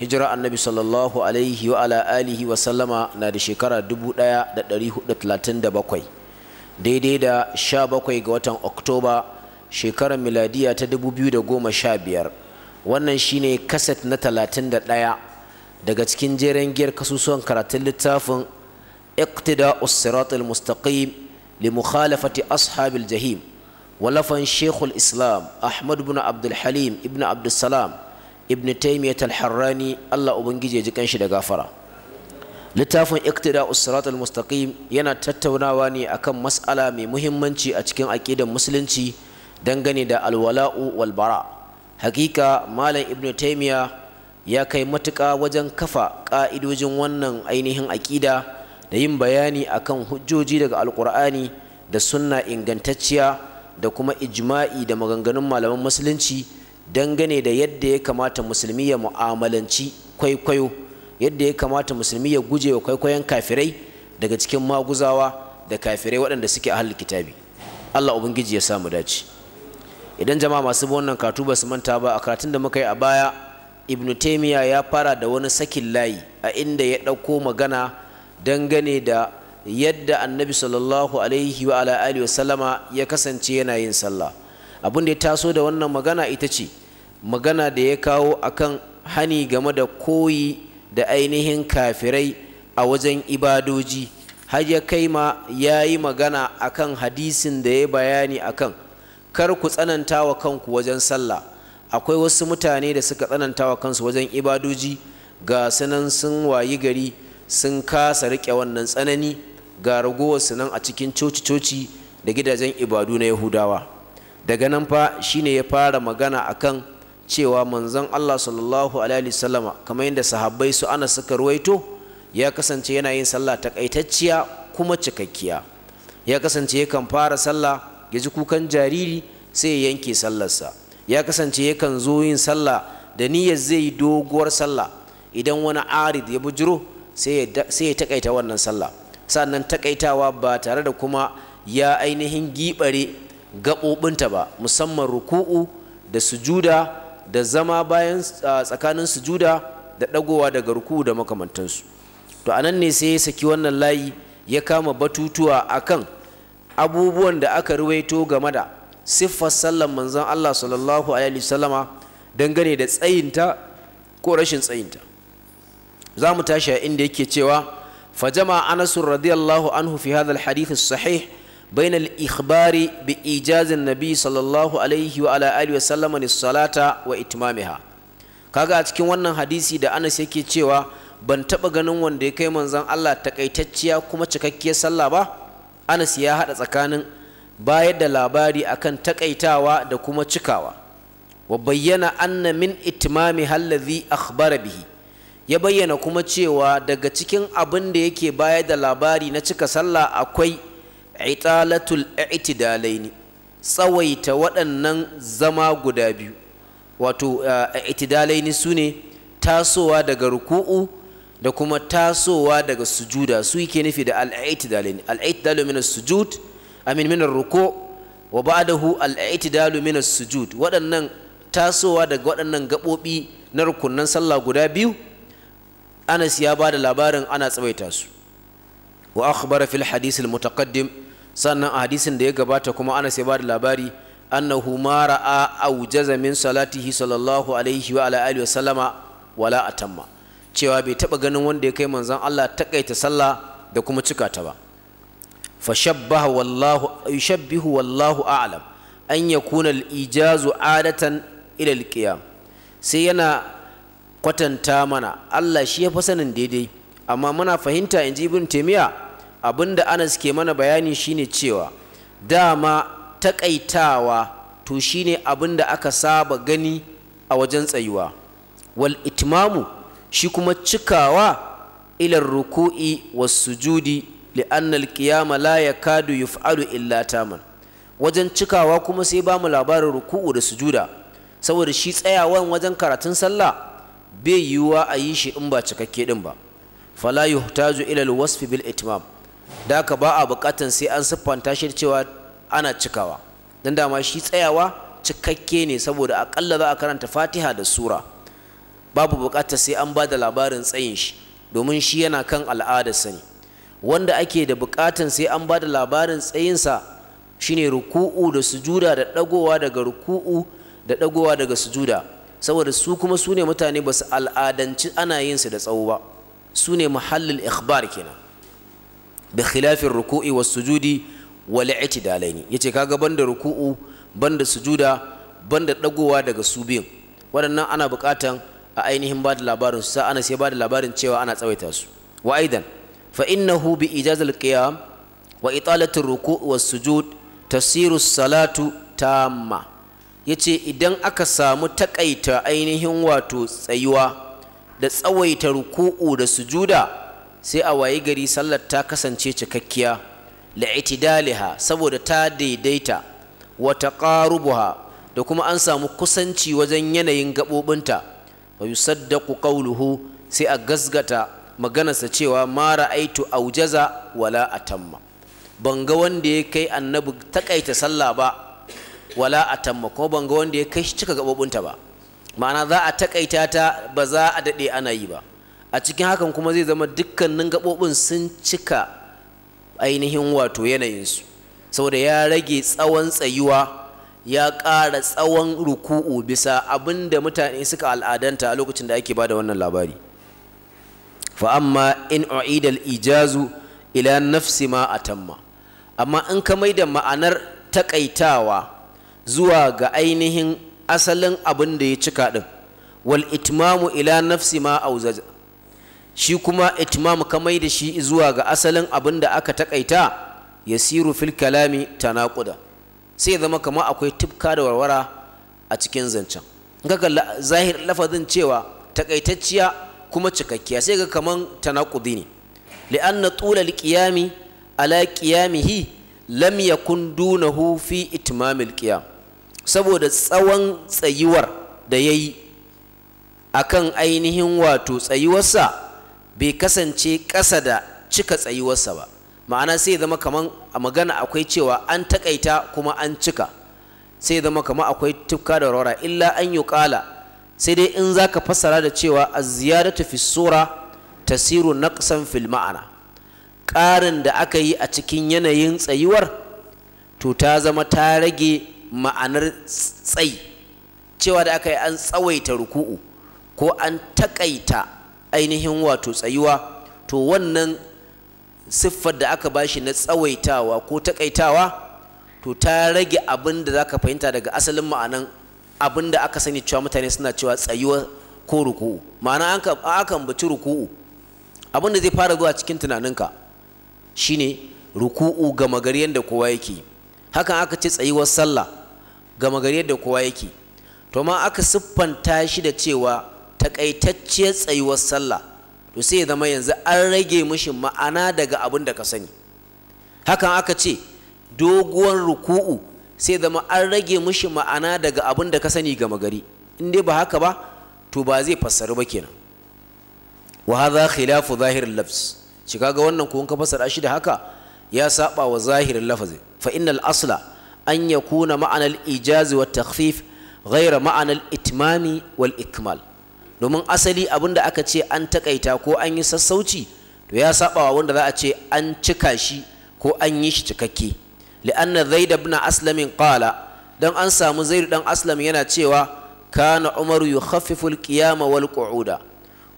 hijira annabi sallallahu alaihi wa ala alihi wa sallama na da shekara 1437 daidai da 17 ga watan oktoba shekarar miladiya ta 2015 wannan shine kaset na 31 daga cikin jeren giyar kasusuwan karatun littafin اقتداء الصراط المستقيم لمخالفة أصحاب الجحيم ولفن شيخ الإسلام أحمد بن عبد الحليم ibn عبد السلام ibn taymiyyah al-harrani Allah ubangiji ya ji kanshi da gafara littafin iktida usirat al-mustaqim yana tattaunawa ne akan mas'ala mai muhimmanci a cikin aƙidar musulunci dangane da alwala'u wal bara hakika malam ibn taymiyyah ya kai matuƙa wajen kafa ƙa'idojin wannan ainihin aƙida da yin bayani akan hujjoji daga alƙur'ani da sunna ingantacciya da kuma ijma'i da maganganun malaman musulunci dangane da yadda ya kamata musulmi ya mu'amalanci kwaikwayo yadda ya kamata musulmi ya guje wa kwaikwayon kafirai daga cikin maguzawa da kafirai waɗanda suke ahlul kitabi Allah ubangiji ya samu dace idan jama'a masu bin wannan katu ba su manta ba a karatun da muka yi a baya ibnu taimiya ya fara da wani sakin layi a inda ya ɗauko magana dangane da yadda annabi sallallahu alaihi wa ala ya kasance yana yin sallah abin da ya taso da wannan magana ita ce magana da ya kawo akan hani game da koyi da ainihin kafirai a wajen ibadoji har ya kai ma ya yi magana akan hadisin da ya bayani akan kar ku tsananta wa kanku wajen sallah akwai wasu mutane da suka tsananta wa kansu wajen ibadoji ga nan sun wayi gari sun kasa riƙe wannan tsanani ga su nan a cikin coci-coci da gidajen ibadu na yahudawa daga nan fa shine ya fara magana akan cewa manzon Allah sallallahu alaihi wasallama kamar yadda sahabbai su ana suka ruwaito ya kasance yana yin sallah takaitacciya kuma cikakkiya ya kasance yakan fara sallah ya ji kukan jariri sai ya yanke sallarsa ya kasance yakan zo yin sallah da niyyar zai yi doguwar sallah idan wani arid ya bujiro sai ya takaita wannan sallah sannan takaitawa ba tare da kuma ya ainihin gibare gaɓoɓinta ba musamman ruku'u da sujuda da zama bayan tsakanin sujuda da dagowa daga ruku da makamantansu to anan ne sai ya saki wannan layi ya kama batutuwa akan abubuwan da aka ruwaito game da siffar sallan manzon Allah sallallahu alaihi wasallama dangane da tsayinta ko rashin tsayinta za mu tashi a inda yake cewa fa jama'a anasu radiyallahu anhu fi hadha al-hadith as-sahih بين الإخبار بإيجاز النبي صلى الله عليه وعلى آله وسلم للصلاة وإتمامها kaga a cikin wannan hadisi da Anas yake cewa ban taba ganin wanda ya kai manzon Allah takaitacciya kuma cikakkiyar sallah ba Anas ya hada tsakanin bayar da labari akan takaitawa da kuma cikawa wa bayyana anna min itmami allazi akhbara bihi ya bayyana kuma cewa daga cikin abin da yake bayar da labari na cika sallah akwai italatul i'tidalaini tsawaita waɗannan zama guda biyu wato i'tidalaini sune tasowa daga ruku'u da kuma tasowa daga sujuda su yake nufi da al-i'tidalaini al-i'tidalu min as-sujud amin min ar-ruku' wa ba'dahu al-i'tidalu min as-sujud waɗannan tasowa daga waɗannan gaɓoɓi na rukunnan sallah guda biyu Anas ya ba da labarin ana tsawaita su wa akhbara fil hadith al-mutaqaddim sannan a hadisin da ya gabata kuma sai ba bada labari annahu ma ra'a aujaza min salatihi sallallahu alaihi wa ala alihi wa wala atamma cewa bai taba ganin wanda ya kai manzon Allah takaita sallah da kuma cika ta ba fashabbaha wallahu yushabbihu wallahu a'lam an yakuna al-ijazu adatan ila al-qiyam sai yana kwatanta mana Allah shi ya fa sanin daidai amma muna fahimta inji ibn taymiya Abin da Anas ke mana bayani shine cewa dama takaitawa to shine abin da aka saba gani a wajen tsayuwa wal itmamu shi kuma cikawa ila ruku'i was sujudi anna al-qiyama la yakadu yuf'alu illa taman wajen cikawa kuma sai ba mu labarin ruku'u da sujuda saboda shi tsayawan wajen karatun sallah bai yiwuwa a yi shi in ba cikakke din ba fala yuhtaju ila al-wasfi bil itmam da haka ba a bukatan sai an siffanta shi cewa ana cikawa dan dama shi tsayawa cikakke ne saboda akalla za a karanta fatiha da sura babu buƙatar sai an ba da labarin tsayin shi domin shi yana kan al'ada sani wanda ake da bukatan sai an ba da labarin tsayinsa shine ruku'u da sujuda da ɗagowa daga ruku'u da ɗagowa daga sujuda saboda su kuma su ne mutane ba su al'adanci ana yin su da tsawo ba su ne muhallin ikhbar kenan da khilafin ruku'i wa sujudi wal i'tidalaini yace kaga banda ruku'u banda sujuda banda dagowa daga su biyun waɗannan ana buƙatan a ainihin ba da labarin su ana sai ba da labarin cewa ana tsawaita su wa aidan fa innahu bi ijazal qiyam wa italatir ruku'i was sujud tasiru salatu tamma yace idan aka samu takaita ainihin wato tsayuwa da tsawaita ruku'u da sujuda sai a wayi gari sallar ta kasance cikakkiya itidaliha saboda ta daidaita wa taqarubuha da kuma an samu kusanci wajen yanayin gabobinta wa yusaddaqu qawluhu sai a gasgata maganarsa cewa ma ra'aitu aujaza wala atamma ban wanda ya kai annabi takaita sallah ba wala atamma kuma ban wanda ya kai shi cika gabobinta ba ma'ana za a takaita ta ba za a dade ana yi ba a cikin hakan kuma zai zama dukkanin gaɓoɓin sun cika ainihin wato yanayinsu saboda ya rage tsawon tsayuwa ya ƙara tsawon ruku'u bisa abin da mutane suka al'adanta a lokacin da ake bada wannan labari fa amma in u'idal ijazu ila nafsi ma atamma amma in ka maida ma'anar takaitawa zuwa ga ainihin asalin abin da ya cika din wal itmamu ila nafsi ma shi kuma itmam kamai da shi zuwa ga asalin abin da aka takaita siru fil kalami naƙuda. sai zama kamar akwai tufka da warwara a cikin zancen kaga zahir lafazin cewa takaitacciya kuma cikakkiya sai ga kaman naƙudi ne li'anna tula liƙiyami ala qiyamihi lam yakun dunahu fi itmamil qiyam saboda tsawon tsayuwar da yayi akan ainihin wato tsayuwarsa bai kasance ƙasa da cika tsayuwarsa ba ma'ana sai zama kaman a magana akwai cewa an takaita kuma an cika sai zama kaman akwai tufka da rora illa an yi ƙala sai dai in za ka fassara da cewa a ziyaratu tafi sura tasiru na fil ma'ana ƙarin da aka yi a cikin yanayin tsayuwar to ta zama ta rage ma'anar tsayi cewa da aka yi an tsawaita ruku'u ko an takaita ainihin wato tsayuwa to wannan siffar da aka bashi na tsawaitawa ko takaitawa to ta rage abin da za ka fahimta daga asalin ma'anan abin da aka sani cewa mutane suna cewa tsayuwa ko ruku'u ma'ana an aka ambaci ruku'u abin da zai fara zuwa cikin tunaninka shine ruku'u gama gari yadda kowa yake hakan aka ce tsayuwar sallah gama gari yadda kowa yake to ma aka siffanta shi da cewa takaitacciyar tsayuwar sallah to sai ya zama yanzu an rage mishi ma'ana daga abin da ka sani hakan aka ce doguwar ruku'u sai zama an rage mishi ma'ana daga abin da ka sani gama gari in dai ba haka ba to ba zai fassaru ba kenan wa hadha khilafu zahirin lafz shi kaga wannan ko ka fassara shi da haka ya saba wa zahirin lafazi fa innal asla an yakuna ma'ana al ijazi wa takhfif ghayra ma'ana itmami wal ikmal domin asali abin da aka ce an takaita ko an yi sassauci to ya wa wanda za a ce an cika shi ko an yi shi cikakke li'anna zaid ibn aslam qala dan an samu zaid dan aslam yana cewa kana umaru yukhaffifu al-qiyama wal qu'uda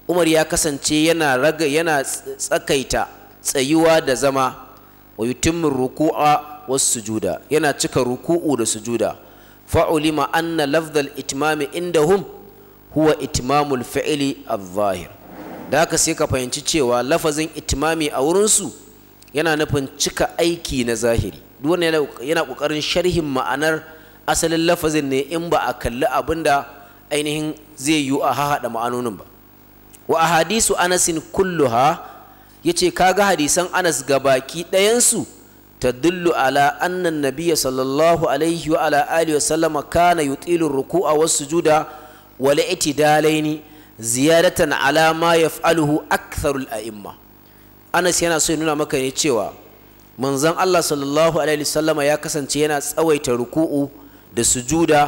umar ya kasance yana raga yana tsakaita tsayuwa da zama wa yutimmu ruku'a was sujuda yana cika ruku'u da sujuda fa'ulima anna lafdhal itmami indahum huwa itimamul fi'li adh zahir da haka sai ka fahimci cewa lafazin itimami a wurinsu yana nufin cika aiki na zahiri duwane yana kokarin sharhin ma'anar asalin lafazin ne in ba a kalli abin da ainihin zai yiwu a hahaɗa ma'anonin ba wa ahadisu anasin kulluha yace kaga hadisan anas gabaki ɗayansu تدل على أن النبي صلى الله عليه وعلى آله وسلم كان يطيل الركوع والسجود iti dalaini ziyadatan ala ma yaf'aluhu aktharul a'imma Anas yana so nuna maka ne cewa manzon Allah sallallahu alaihi wasallama ya kasance yana tsawaita ruku'u da sujuda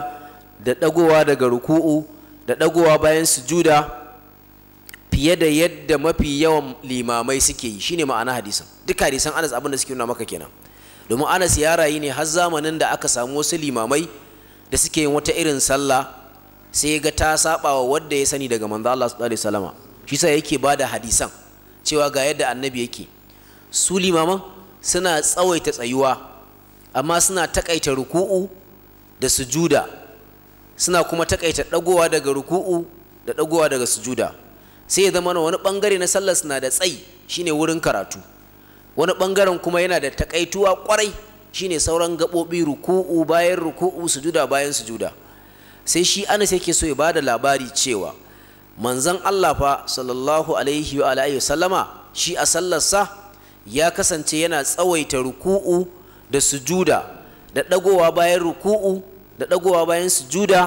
da dagowa daga ruku'u da dagowa bayan sujuda fiye da yadda mafi yawan limamai suke yi shine ma'ana hadisin duk hadisan Anas abin da suke nuna maka kenan domin Anas ya rayu ne har zamanin da aka samu wasu limamai da suke yin wata irin sallah sai ga ta saba wa wanda ya sani daga manzo Allah sallallahu alaihi wasallama shi sa yake bada hadisan cewa ga yadda annabi yake su limaman suna tsawaita tsayuwa amma suna takaita ruku'u da sujuda suna kuma takaita dagowa daga ruku'u da dagowa daga sujuda sai ya zama wani bangare na sallar suna da tsayi shine wurin karatu wani bangaren kuma yana da takaituwa kwarai shine sauran gabobi ruku'u bayan ruku'u sujuda bayan sujuda sai shi anas yake so ya bada labari cewa manzon Allah fa sallallahu alaihi wa alihi sallama shi a sallarsa ya kasance yana tsawaita ruku'u da sujuda da dagowa bayan ruku'u da dagowa bayan sujuda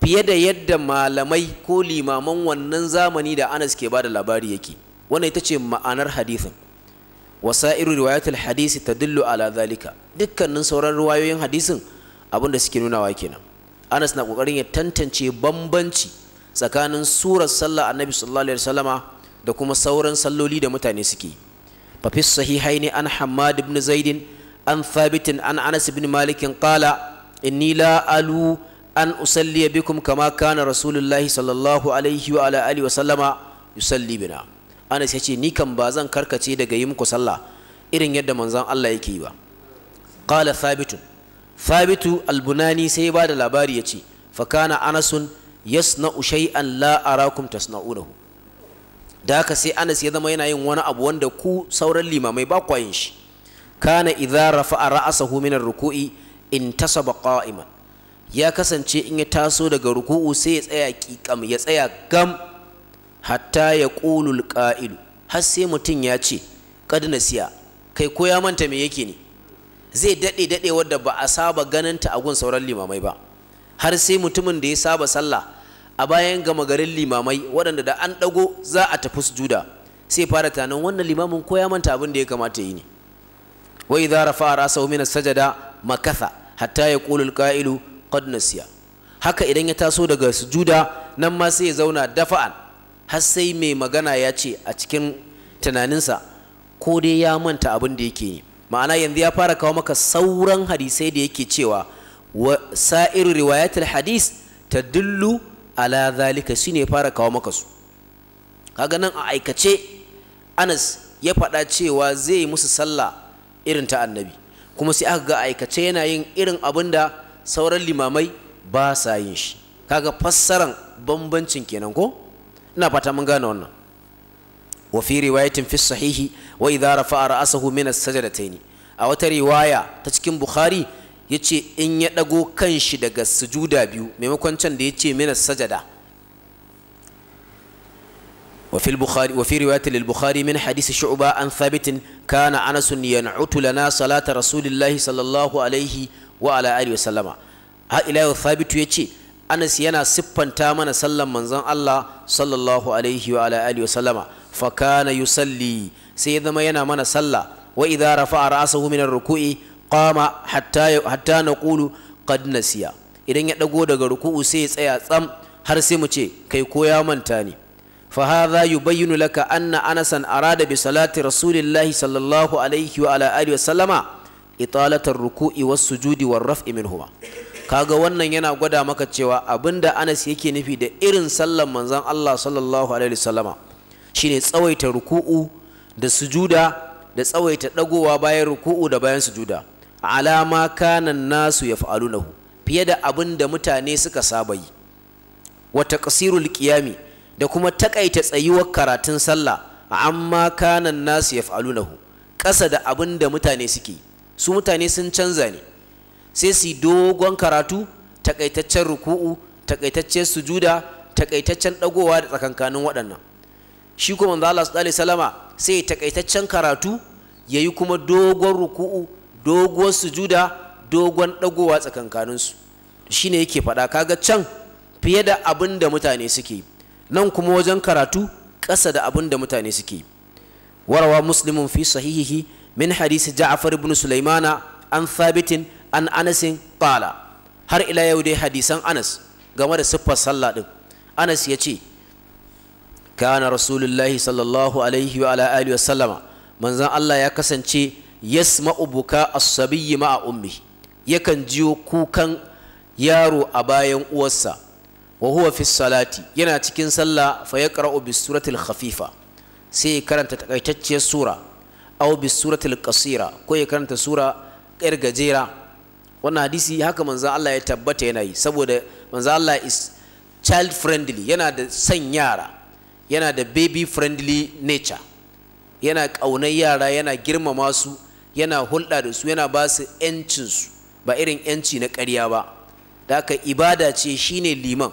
fiye da yadda malamai ko limaman wannan zamani da Anas ke bada labari yake wannan ita ce ma'anar hadisin wasa'iru riwayatul hadisi tadullu ala zalika dukkanin sauran riwayoyin hadisin abin da suke nunawa kenan Anas na kokarin ya tantance bambanci tsakanin surar sallah Annabi sallallahu alaihi wasallama da kuma sauran salloli da mutane suke fa fi sahihaini an Hammad ibn Zaid an Thabit an Anas ibn Malik qala inni la alu an usalli bikum kama kana Rasulullah sallallahu alaihi wa ala alihi wasallama yusalli bina Anas yace ni kan ba zan karkace daga yi muku sallah irin yadda manzon Allah yake yi ba qala Thabitun thabitu albunani sai ya bada labari ya ce fakana anasun yasna'u shay'an la arakum tasna'unahu da haka sai anas ya zama yana yin wani abu wanda ku sauran limamai ba kwa yin shi kana idza rafa'a ra'asahu min ar-ruku'i intasaba qa'iman ya kasance in ya taso daga ruku'u sai ya tsaya kikam tsaya gam hatta ya qulul qa'ilu har sai mutum ya ce kad nasiya kai ko ya manta me yake ne zai daɗe daɗe wadda ba a saba ganinta a gun sauran limamai ba har sai mutumin da ya saba sallah a bayan gama garin limamai waɗanda da an ɗago za a tafi sujuda sai fara tunanin wannan limamin ko ya manta abin da ya kamata yi ne wa idza rafa ra'sahu min as-sajada makatha hatta yaqulu al-qa'ilu qad nasiya haka idan ya taso daga sujuda nan ma sai ya zauna dafa'an har sai mai magana ya ce a cikin tunaninsa ko dai ya manta abin da yake yi ma'ana yanzu ya fara kawo maka sauran hadisai da yake cewa wa sa'iru riwayatul hadis ta dullu ala zalika ne fara kawo maka su kaga nan a aikace Anas ya faɗa cewa zai musu sallah irin ta annabi kuma sai aka ga aikace yana yin irin abin da sauran limamai ba sa yin shi kaga fassaran bambancin kenan ko ina fata mun gane wannan wa fi riwayatin fi sahihi wa idza rafa'a ra'sahu min as-sajdatayn a wata riwaya ta cikin bukhari yace in ya dago kanshi daga sujuda biyu maimakon can da yace min as-sajada wa fi al-bukhari wa fi riwayatin lil-bukhari min hadith shu'ba an thabit kana anas yan'utu lana salata rasulillahi sallallahu alaihi wa wa anas yana siffanta mana sallan manzon Allah sallallahu alaihi wa ala alihi wasallama fa kana yusalli sai ya zama yana mana sallah wa idza rafa'a ra'sahu min ar-ruku'i qama hatta hatta naqulu qad nasiya idan ya dago daga ruku'u sai ya tsaya tsam har sai mu ce kai ko ya manta ne fa hadha yubayyinu laka anna anasan arada bi salati rasulillahi sallallahu alaihi wa ala alihi wasallama italatar ruku'i was sujudi war raf'i minhuma kaga wannan yana gwada maka cewa abinda Anas yake nufi da irin sallan manzon Allah sallallahu alaihi wasallama shine tsawaita ruku'u da sujuda da tsawaita dagowa bayan ruku'u da bayan sujuda alama kana nasu yaf'alunahu fiye da abinda mutane suka saba yi wa taqsirul qiyami da kuma takaita tsayuwar karatun sallah amma kana nasu yaf'alunahu ƙasa da abinda mutane suke su mutane sun canza ne sai su yi dogon karatu takaitaccen ruku'u takaitaccen sujuda takaitaccen dagowa da tsakankanin waɗannan shi kuma manzo Allah sallallahu salama sai sai takaitaccen karatu yayi kuma dogon ruku'u dogon sujuda dogon dagowa tsakankanin su shine yake faɗa kaga can fiye da abin da mutane suke nan kuma wajen karatu ƙasa da abin da mutane suke warawa muslimun fi sahihihi min hadisi ja'far ibn sulaimana an thabitin an anasin qala har ila yau dai hadisan anas game da siffar sallah din anas ya ce kana rasulullahi sallallahu alaihi wa alihi wa sallama manzon Allah ya kasance yasma'u buka as-sabiyyi ma'a ummi yakan jiyo kukan yaro a bayan uwarsa wa huwa fi salati yana cikin sallah fa yaqra'u bi suratil khafifa sai ya karanta takaitacciyar sura aw bi suratil qasira ko ya karanta sura ƙar gajera wannan hadisi haka manzan Allah ya tabbata yana yi saboda manzan Allah is child friendly yana da san yara yana da baby friendly nature yana ƙaunar yara yana girmama su yana hulɗa da su yana ba su ‘yancinsu ba irin ‘yanci na ƙarya ba da haka ibada ce shine liman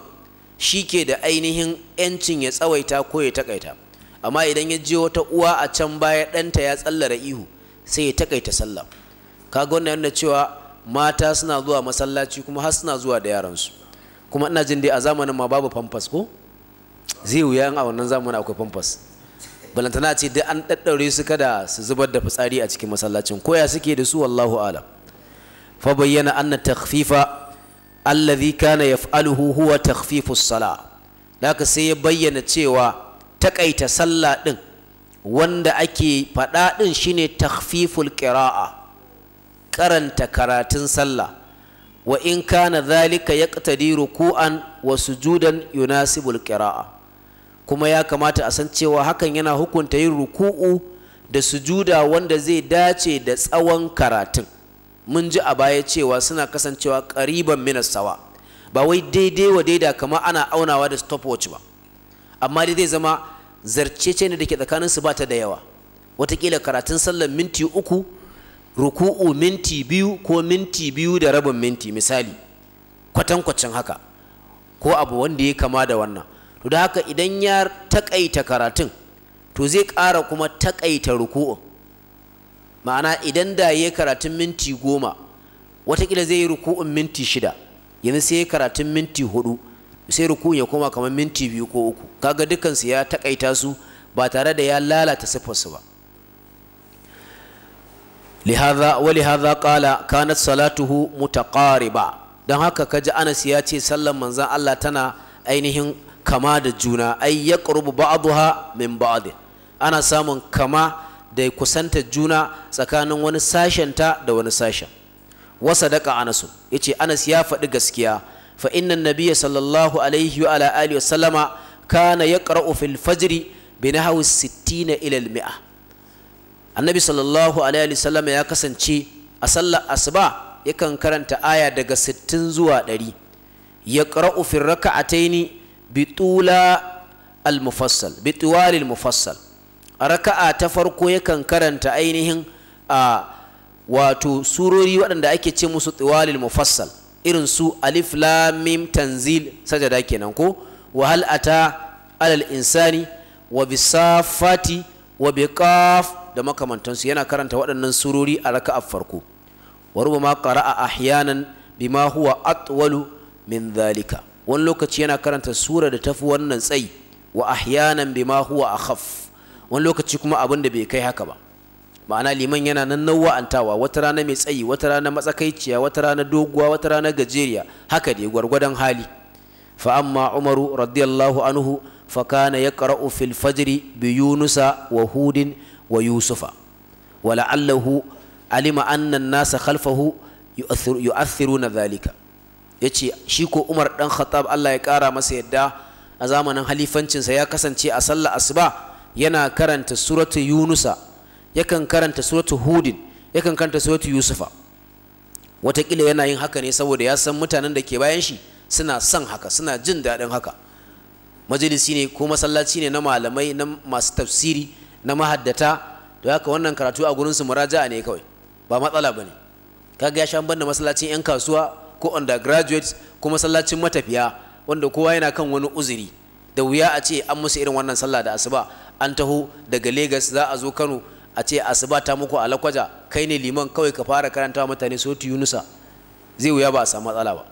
shi ke da ainihin ‘yancin ya tsawaita ko ya takaita amma idan ya je wata uwa a can baya ɗanta ya tsallara ihu sai ya takaita sallah Ka wannan yana cewa mata suna zuwa masallaci kuma har suna zuwa da yaransu kuma ina jin dai a zamanin ma babu pampas ko zai wuya a wannan zamanin akwai pampas balantana ce duk an daddare su kada su zubar da fitsari a cikin masallacin koya suke da su wallahu alam fa bayyana anna takhfifa alladhi kana yaf'aluhu huwa takhfifu sala haka sai ya bayyana cewa takaita sallah din wanda ake fada din shine takhfiful qira'a karanta karatun sallah wa in kana dhalika yaqtadi ruku'an wa sujudan yunasibul qira'a kuma ya kamata a san cewa hakan yana hukunta yin ruku'u da sujuda wanda zai dace da tsawon karatun mun ji a baya cewa suna kasancewa ƙariban minas sawa ba wai daidai wa daida kamar ana aunawa da stopwatch ba amma dai zai zama zarcece ne da ke su ba ta da yawa watakila karatun sallar minti uku ruku'u minti biyu ko minti biyu da rabin minti misali kwatankwacin haka ko abu wanda ya kama da wannan to da haka idan ya takaita karatun to zai ƙara kuma takaita ruku'un ma'ana idan da ya karatun minti goma watakila zai yi ruku'un minti shida yanzu sai ya karatun minti hudu sai ruku'un ya koma kamar minti biyu ko uku kaga dukansu ya takaita su ba tare da ya lalata siffarsu ba lihaza walihaza qala kanat salatuhu mutaqariba dan haka ka ji Anas ya ce sallan manzon Allah tana ainihin kama da juna ay yaqrubu ba'daha min ba'd ana samun kama da kusanta juna tsakanin wani sashenta da wani sashen wa sadaqa Anas yace Anas ya faɗi gaskiya fa inna nabiyya sallallahu alaihi wa sallama kana yaqra'u fil fajr bi nahwi 60 ila al-mi'ah annabi sallallahu alaihi sallama ya kasance a sallar asuba yakan karanta aya daga 60 zuwa 100 ya qara'u fi raka'ataini bi tula al mufassal bi tuwal al mufassal a raka'a ta farko yakan karanta ainihin a wato surori waɗanda ake ce musu tuwal al mufassal irin su alif lam mim tanzil sajada kenan ko wa hal ata alal insani wa bisafati wa biqaf da makamantansu yana karanta waɗannan surori a raka a farko wa rubama qara'a ahyanan bima huwa atwalu min dhalika wani lokaci yana karanta sura da tafi wannan tsayi wa ahyanan bima huwa akhaf wani lokaci kuma abin da bai kai haka ba ma'ana liman yana nan antawa wata rana mai tsayi wata rana matsakaiciya wata rana doguwa wata rana gajeriya haka dai gwargwadon hali fa amma umaru radiyallahu anhu fa kana yaqra'u fil fajri bi yunusa wa hudin wa yusufa wa la'allahu alima anna nasa khalfahu yu'athiruna dhalika yace shi ko Umar dan Khattab Allah ya kara masa yadda a zamanin halifancinsa ya kasance a sallar asuba yana karanta suratu yunusa yakan karanta suratu hudin yakan karanta suratu yusufa watakila yana yin haka ne saboda ya san mutanen da ke bayan shi suna son haka suna jin daɗin haka majalisi ne ko masallaci ne na malamai na masu tafsiri na mahaddata to haka wannan karatu a gurinsu muraja'a ne kawai ba matsala bane kaga ya shan banda masallacin 'yan kasuwa ko undergraduates ko masallacin matafiya wanda kowa yana kan wani uzuri da wuya a ce an musu irin wannan sallah da asuba an taho daga Lagos za a zo Kano a ce asuba ta muku a lakwaja kai ne liman kawai ka fara karanta mutane sotu Yunusa zai wuya ba a samu matsala ba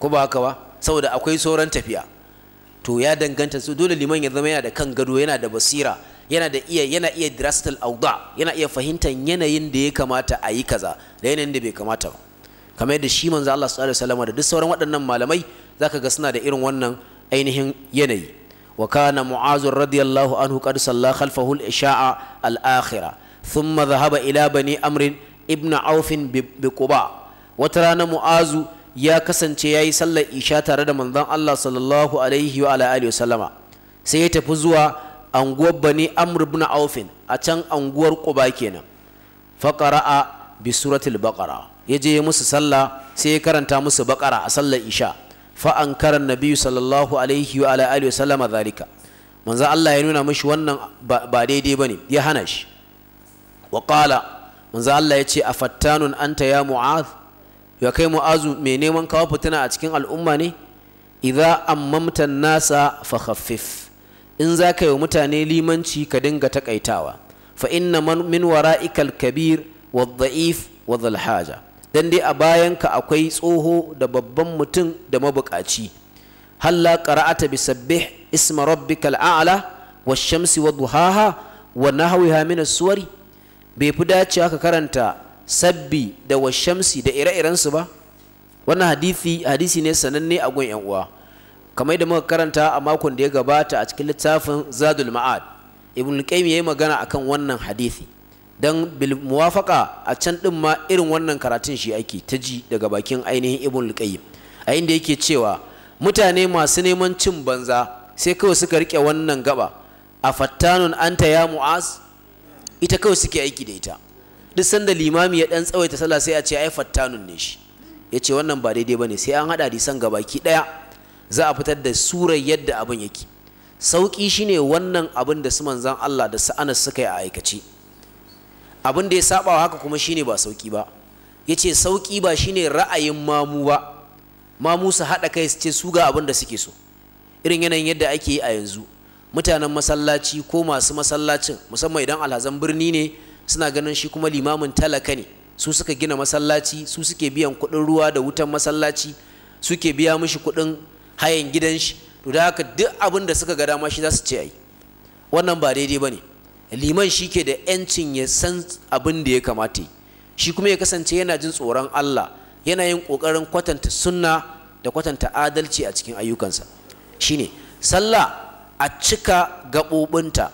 ko ba haka ba saboda akwai sauran tafiya to ya danganta su dole liman ya zama yana da kan gado yana da basira yana da iya yana iya drastal auda yana iya fahimtar yanayin da ya kamata a yi kaza da yanayin da bai kamata ba kamar yadda shi manzo Allah sallallahu alaihi wasallam da duk sauran waɗannan malamai zaka ga suna da irin wannan ainihin yanayi wa kana mu'az radiyallahu anhu qad salla khalfahu al-isha'a al-akhirah thumma dhahaba ila bani amr ibn auf bi quba wata rana mu'azu ya kasance yayi sallar isha tare da manzon Allah sallallahu alaihi wa alihi wasallama sai ya tafi zuwa anguwar bani amr ibn aufin a can anguwar quba kenan a qara'a bi ya baqara yaje musu sallah sai ya karanta musu baqara a sallar isha fa ankara annabi sallallahu alaihi wa ala alihi wasallam zalika manzo Allah ya nuna mishi wannan ba daidai bane ya hana shi wa qala manzo Allah ya ce afattanun anta ya mu'az ya kai mu'azu me neman kawo fitina a cikin al'umma ne idza ammamta nasa fa khaffif in za ka yi wa mutane limanci ka dinga takaitawa fa inna na min wara'ikal kabir wa dha'if wa dhal dan dai a bayan ka akwai tsoho da babban mutum da mabukaci halla qara'ata bisabbih isma rabbikal a'la wash-shamsi wa duhaha wa nahwiha min as-suwari bai fi dacewa ka karanta sabbi da wash-shamsi da ire-irensu ba wannan hadisi hadisi ne sananne a gun yan uwa kamar da muka karanta a makon da ya gabata a cikin littafin zadul ma'ad ibn qayyim yayi magana akan wannan hadisi dan bil muwafaqa a can din ma irin wannan karatun shi ake ta ji daga bakin ainihin ibn qayyim a inda yake cewa mutane masu neman cin banza sai kawai suka rike wannan gaba a fattanun anta ya mu'az ita kawai suke aiki da ita duk sanda limami ya dan tsawaita sallah sai a ce ai fattanun ne shi yace wannan ba daidai bane sai an hada hadisan gabaki daya za a fitar da surar yadda abin yake sauƙi shine wannan abin da su manzan Allah da sa'ana suka yi a aikace abin da ya saba wa haka kuma shine ba sauƙi ba yace sauƙi ba shine ra'ayin mamu ba mamu su haɗa kai su ce su ga abin da suke so irin yanayin yadda ake yi a yanzu mutanen masallaci ko masu masallacin musamman idan alhazan birni ne suna ganin shi kuma limamin talaka ne su suka gina masallaci su suke biyan kuɗin ruwa da wutan masallaci suke biya mishi kuɗin hayan gidan shi to da haka duk abin da suka ga dama shi za su ce ai wannan ba daidai ba ne liman shi ke da yancin ya san abin da ya kamata shi kuma ya kasance yana jin tsoron Allah yana yin ƙoƙarin kwatanta sunna da kwatanta adalci a cikin ayyukansa shine sallah a cika gaɓoɓinta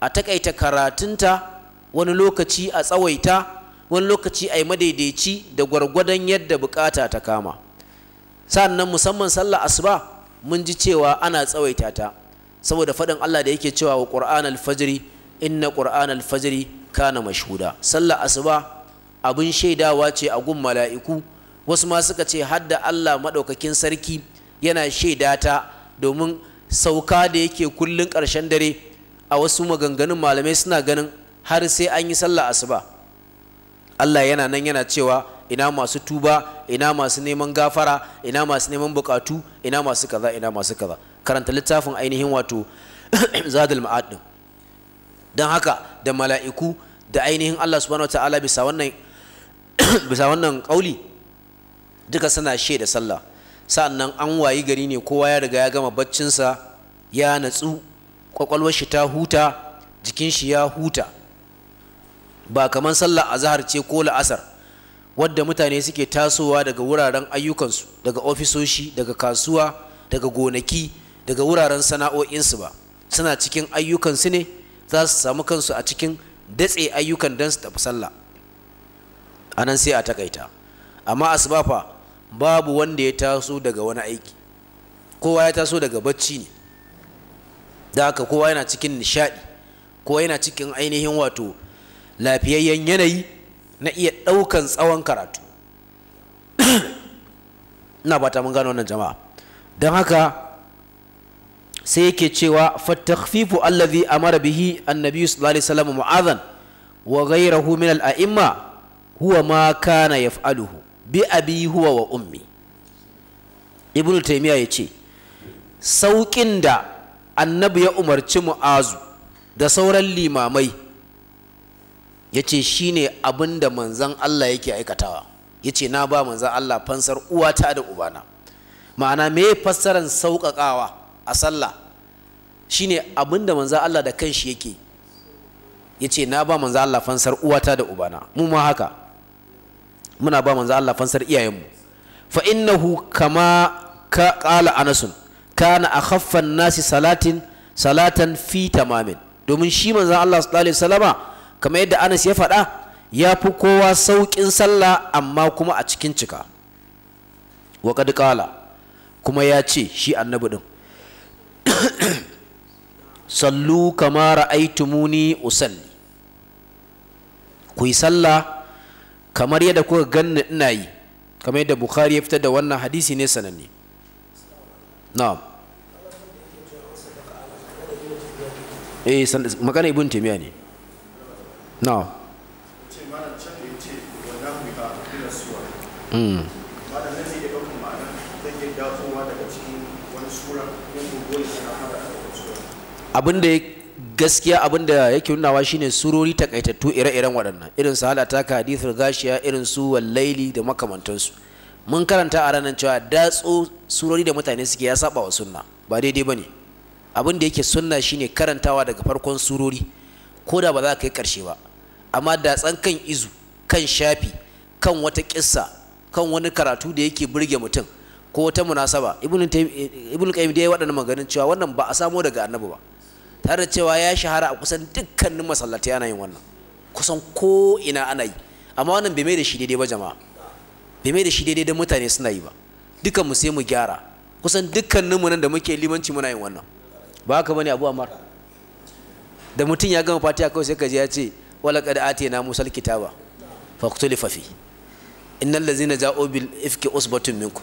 a takaita karatunta wani lokaci a tsawaita wani lokaci a yi madaidaici da gwargwadon yadda bukata ta kama sannan musamman sallar asuba mun ji cewa ana tsawaita ta saboda faɗin Allah da yake cewa wa Qur'an al-fajri inna Qur'an al-fajri kana mashhuda sallar asuba abin shaidawa ce a gun mala'iku wasu ma suka ce hadda Allah madaukakin sarki yana shaida ta domin sauka da yake kullun karshen dare a wasu maganganun malamai suna ganin har sai an yi sallar asuba Allah yana nan yana cewa ina masu tuba ina masu neman gafara ina masu neman bukatu ina masu kaza ina masu kaza karanta littafin ainihin wato zadul ma'ad din don haka da mala'iku da ainihin Allah subhanahu wataala bisa wannan bisa wannan kauli duka suna da sallah sannan an wayi gari ne kowa ya riga ya gama baccin sa ya natsu kwakwalwar shi ta huta jikin shi ya huta ba kamar sallar azhar ce ko la'asar wadda mutane suke tasowa daga wuraren ayyukansu daga ofisoshi daga kasuwa daga gonaki daga wuraren sana'o'insu ba suna cikin ayyukansu ne za su samu kansu a cikin datse ayyukan don su tafi sallah a nan sai a takaita amma asibafa babu wanda ya taso daga wani aiki kowa ya taso daga bacci ne da haka kowa yana cikin nishaɗi kowa yana cikin ainihin wato lafiyayyen yanayi na iya ɗaukan tsawon karatu ina ba mun gano wannan jama'a don haka sai yake cewa fatakfifu allazi mara bihi annabi sallallahu alaihi wasallam mu'adhan wa ghayrahu min al-a'imma huwa ma kana yaf'aluhu bi abi huwa wa ummi ibn taymiya yace saukin da annabi ya umarci mu'azu da sauran limamai ya ce shi ne abin da manzan Allah yake aikatawa ya ce na ba manzan Allah fansar uwata da ubana ma'ana me fassaran sauƙaƙawa a sallah shi ne abin da manzan Allah da kanshi yake ya ce na ba manzan Allah fansar uwata da ubana mu ma haka muna ba manzan Allah fansar iyayenmu fa innahu kama ka ƙala anasun kana akhaffan nasi salatin salatan fi tamamin domin shi manzan Allah sallallahu alaihi wasallama kamar yadda Anas ya faɗa ya fi kowa sauƙin sallah amma kuma a cikin cika wa qad kuma ya ce shi annabi din sallu kama ra'aytumuni usalli ku yi sallah kamar yadda kuka ganni ina yi kamar yadda bukhari ya fitar da wannan hadisi ne sananne na'am eh magana ibn taymiya ne No. mm. abin da gaskiya abin da yake nunawa shine surori takaitattu ire-iren waɗannan irin su halata ka hadithul gashiya irin su wallaili da makamantansu mun karanta a ranar cewa datso surori da mutane suke ya saba wa sunna ba daidai bane abin da yake sunna shine karantawa daga farkon surori ko da ba za ka yi karshe ba amma datsan kan izu kan shafi kan wata kissa kan wani karatu da yake burge mutum ko wata munasaba ibnu ibnu qayyim da ya waɗannan maganin cewa wannan ba a samo daga annabi ba tare da cewa ya shahara a kusan dukkanin masallatai ana yin wannan kusan ko ina ana yi amma wannan bai mai da shi daidai ba jama'a bai mai da shi daidai da mutane suna yi ba dukan mu sai mu gyara kusan dukkanin mu nan da muke limanci muna yin wannan ba haka bane abu amar da mutum ya gama fatiha kawai sai ka je ya ce ولقد آتينا موسى الكتاب فاختلف فيه إن الذين جاءوا بالإفك أصبة منكم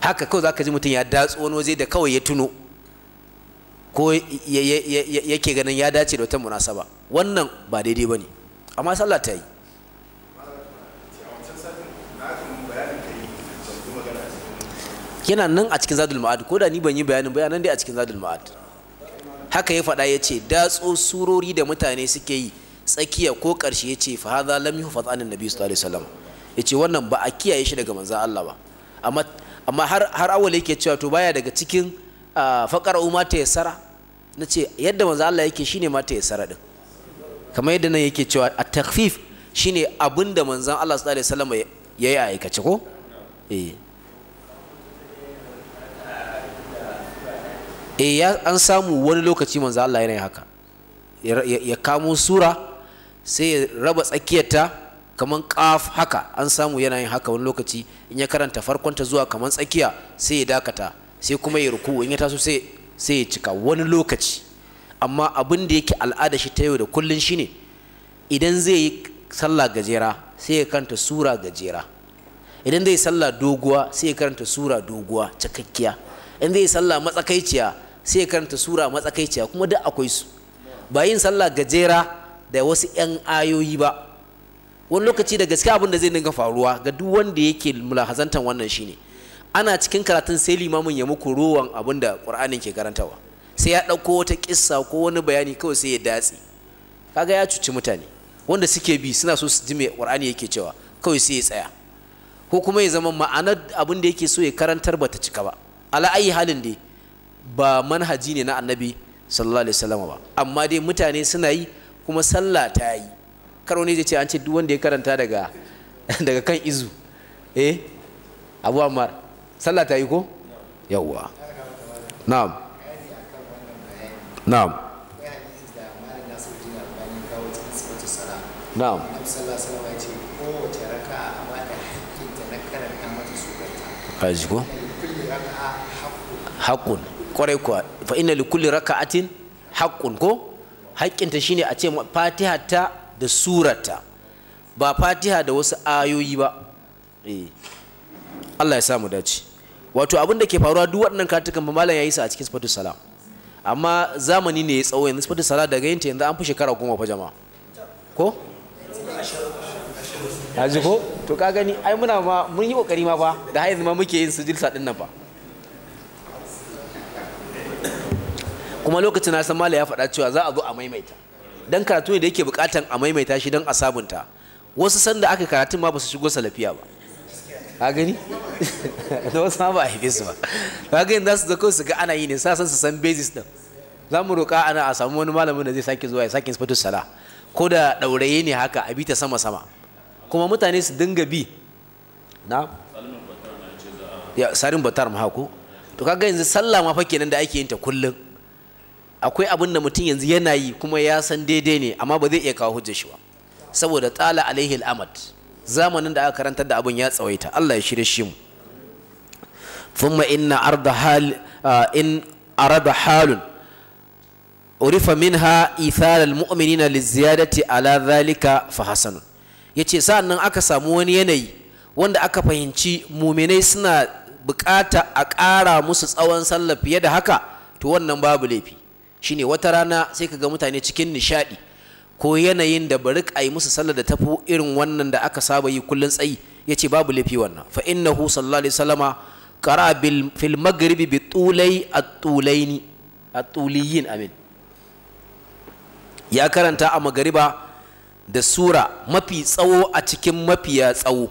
haka kawai zaka ji mutum ya datsu wani waje da kawai ya tuno ko yake ganin ya dace da wata munasaba wannan ba daidai bane amma sallah ta yi yana nan a cikin zadul ma'ad ko da ni ban yi bayanin ba ya nan dai a cikin zadul ma'ad haka ya faɗa ya ce datso surori da mutane suke yi tsakiya ko ƙarshe ya ce fa haza lam yuhfaz an annabi sallallahu alaihi wasallam ya ce wannan ba a kiyaye shi daga manzon Allah ba amma amma har har awal yake cewa to baya daga cikin faqar umma ta yassara na yadda manzon Allah yake shine ma ta yassara din kamar yadda nan yake cewa at takhfif shine abinda manzon Allah sallallahu alaihi wasallam yayi a aikace ko eh eh ya an samu wani lokaci manzo Allah yana haka ya kamo sura sai ya raba tsakiyarta kaman ƙaf haka an samu yana yin haka wani lokaci in ya karanta farkonta zuwa kaman tsakiya sai ya dakata sai kuma ya ruku in ya taso sai sai ya cika wani lokaci amma abin da yake al'ada shi ta yau da kullun shine idan zai yi sallah gajera sai ya karanta sura gajera idan zai sallah doguwa sai ya karanta sura doguwa cikakkiya in zai sallah matsakaiciya sai ya karanta sura matsakaiciya kuma duk akwai su ba yin sallah gajera da wasu 'yan ayoyi ba wani lokaci da gaske abin da zai dinga faruwa ga duk wanda yake mulahazantar wannan shine ana cikin karatun sai limamin ya muku rowan abin da qur'anin ke karantawa sai ya ɗauko wata kissa ko wani bayani kawai sai ya datse kaga ya cuci mutane wanda suke bi suna so su ji me qur'ani yake cewa kawai sai ya tsaya ko kuma ya zama ma'anar abin da yake so ya karantar bata cika ba ala ayi halin dai ba manhaji ne na annabi sallallahu alaihi wasallam ba amma dai mutane suna yi kuma sallah ta yi karo ne ce an ce duk wanda ya karanta daga daga kan izu eh abu amar sallah ta yi ko yawwa na'am na'am na'am kaji ko haƙƙun ƙwarai kuwa fa inna li raka'atin haƙƙun ko haƙƙinta shine a ce fatiha ta da surata ba fatiha da wasu ayoyi ba eh, Allah ya samu dace wato abin da ke faruwa duk waɗannan katukan ba malam ya yi su a cikin sifatu sala amma zamani ne ya tsawo yanzu sifatu sala daga yin ta yanzu an fi shekara goma fa jama'a ko haji ko to ka gani ai muna ma mun yi kokari ma fa da har ma muke yin sujilsa din nan fa kuma lokacin na san mala ya faɗa cewa za a zo a maimaita dan karatu ne da yake bukatan a maimaita shi dan a sabunta wasu sanda aka karatun ma ba su shigo salafiya ba ka gani da wasu ma ba a haife su ba ka gani za su zako su ga ana yi ne sa san su san basis din za mu roƙa ana a samu wani malamin da zai sake zuwa ya sake sifatu sala ko da ɗauraye ne haka a bi ta sama sama kuma mutane su dinga bi na ya sarin batar ma haku to kaga yanzu sallah ma fa kenan da ake yin ta kullum akwai abin da mutum yanzu yana yi kuma ya san daidai ne amma ba zai iya kawo hujjar shi ba saboda tsala alaihi al'amad zamanin da aka karanta da abin ya tsawaita Allah ya shirya shi mu thumma inna arda hal ah, in arada halun urifa minha ithal almu'minina liziyadati ala dhalika fa hasan yace sa'annan aka samu wani yanayi wanda aka fahimci muminai suna bukata a ƙara musu tsawon sallah fiye da haka to wannan babu laifi shine wata rana sai ka ga mutane cikin nishadi ko yanayin da bari a yi musu sallar da tafi irin wannan da aka saba yi kullun tsayi yace babu laifi wannan fa innahu sallallahu alaihi wasallama qara bil fil maghribi bi tulai at-tulaini at-tuliyin amin ya karanta a magariba da sura mafi tsawo a cikin mafiya tsawo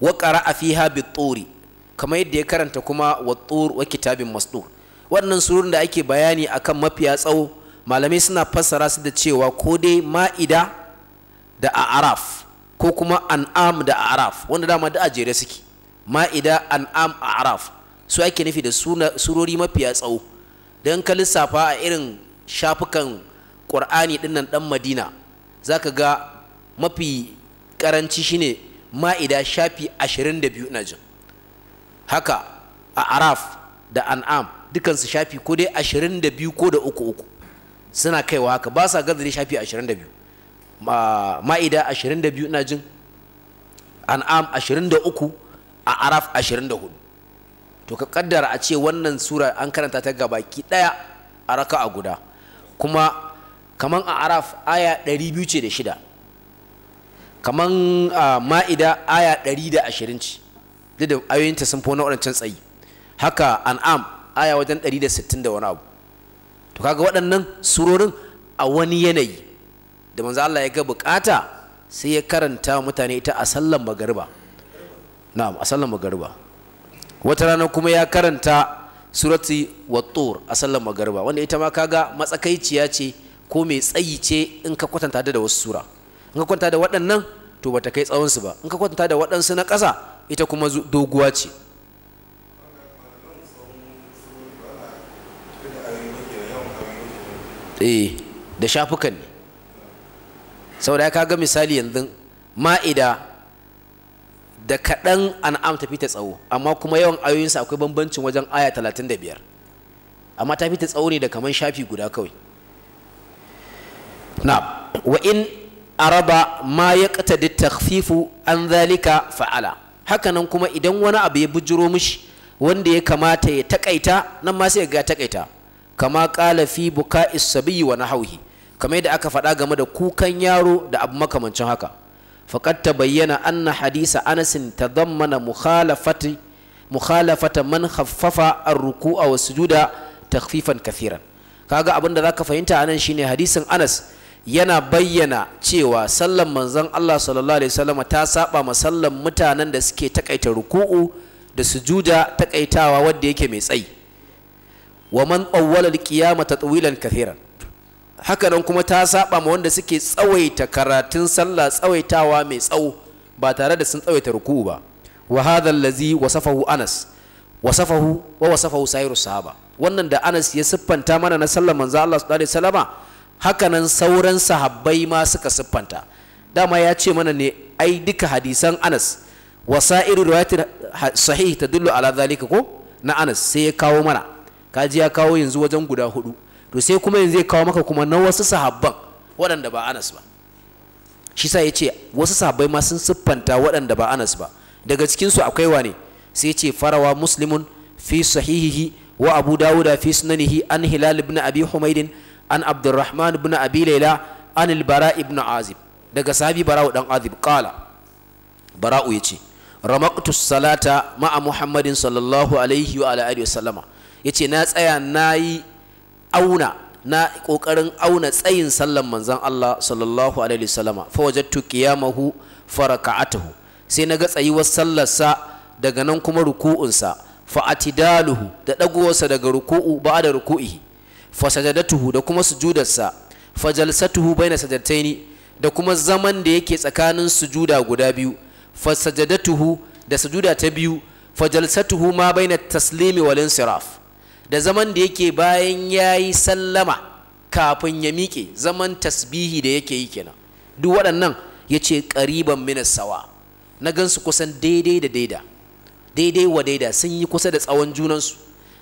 wa fi fiha bi turi kamar yadda ya karanta kuma wa tur wa kitabin masdur wannan surun da ake bayani akan mafiya tsawo malamai suna fassara su da cewa ko dai ma'ida da a'araf ko kuma an'am da a'araf wanda dama da ajere suke ma'ida an'am a'araf su ake nufi da surori mafiya tsawo don ka lissafa a irin shafukan ƙur'ani ɗinnan ɗan madina za ka ga mafi ƙaranci shine ma'ida shafi ashirin da na jin haka a araf da an'am dukansu shafi ko dai ashirin da biyu ko da uku uku suna kaiwa haka ba sa gaza dai shafi ashirin da biyu ma'ida ashirin da biyu ina jin an'am ashirin da uku a araf ashirin da hudu to ka kaddara a ce wannan sura an karanta ta gabaki ɗaya a raka a guda kuma kaman a araf aya ɗari biyu ce da shida kaman a ma'ida aya ɗari da ashirin ce duk da ayoyinta sun fi na waɗancan tsayi haka an'am aya wajen 160 da wani abu to kaga waɗannan surorin a wani yanayi da manzo Allah ya ga bukata sai ya karanta mutane ita a sallan magariba na'am a sallan magariba wata rana kuma ya karanta surati wattur a sallan magariba wanda ita ma kaga matsakaiciya ce ko mai tsayi ce in ka kwatanta da wasu sura in ka kwatanta da waɗannan to bata kai tsawon su ba in ka kwatanta da waɗansu na ƙasa ita kuma doguwa ce eh da shafukan ne saboda ya kaga misali yanzu ma'ida da kaɗan an'am tafi ta tsawo amma kuma yawan ayoyinsa akwai bambancin wajen aya talatin da biyar amma tafi ta tsawo ne da kamar shafi guda kawai na wa in araba ma ya da takfifu an zalika fa'ala hakanan kuma idan wani abu ya bujiro mishi wanda ya kamata ya takaita nan ma sai ga takaita kama qala fi buka'is sabiyi wa kamar yadda aka faɗa game da kukan yaro da abu makamancin haka faqad tabayyana anna hadisa Anas tadammana mukhalafati mukhalafata man khaffafa ar-ruku'a wa sujuda takhfifan kathiran kaga abin da zaka fahimta anan shine hadisin Anas yana bayyana cewa sallan manzon Allah sallallahu alaihi wasallam ta saba ma sallan mutanen da suke takaita ruku'u da sujuda takaitawa wanda yake mai tsayi wa man awwala al-qiyama tatwilan haka nan kuma ta saba ma wanda suke tsawaita karatun sallah tsawaitawa mai tsawo ba tare da sun tsawaita ruku'u ba wa hadha allazi wasafahu anas wasafahu wa wasafahu sayru sahaba wannan da anas ya siffanta mana na sallar manzo Allah sallallahu alaihi wasallama haka nan sauran sahabbai ma suka siffanta dama ya ce mana ne ai duka hadisan anas wasairu riwayatin sahih tadullu ala zalika ko na anas sai ya kawo mana kaji ya kawo yanzu wajen guda hudu to sai kuma yanzu ya kawo maka kuma na wasu sahabban waɗanda ba Anas ba shi sa ya ce wasu sahabbai ma sun siffanta waɗanda ba Anas ba daga cikinsu akwai wane sai ce farawa muslimun fi sahihihi wa abu dawuda fi sunanihi an hilal ibn abi humaydin an abdurrahman ibn abi laila an albara ibn azib daga sahabi bara'u dan azib qala bara'u yace ramaqtu salata ma'a muhammadin sallallahu alaihi wa alihi wa sallama ya ce na tsaya na yi auna na ƙoƙarin auna tsayin sallan manzan Allah sallallahu alaihi wasallama fa wajattu qiyamahu faraka'atahu sai na ga tsayuwar sallarsa daga nan kuma ruku'unsa fa atidaluhu da dagowarsa daga ruku'u ba da ruku'i fa sajadatuhu da kuma sujudarsa fa jalsatuhu baina ni da kuma zaman da yake tsakanin sujuda guda biyu fa sajadatuhu da sujuda ta biyu fa jalsatuhu ma baina taslimi wal insiraf da zaman da yake bayan ya yi sallama kafin ya miƙe zaman tasbihi da yake yi kenan duk waɗannan ya ce ƙariban minas sawa na gansu kusan daidai da daida daidai wa daida sun yi kusa da tsawon junansu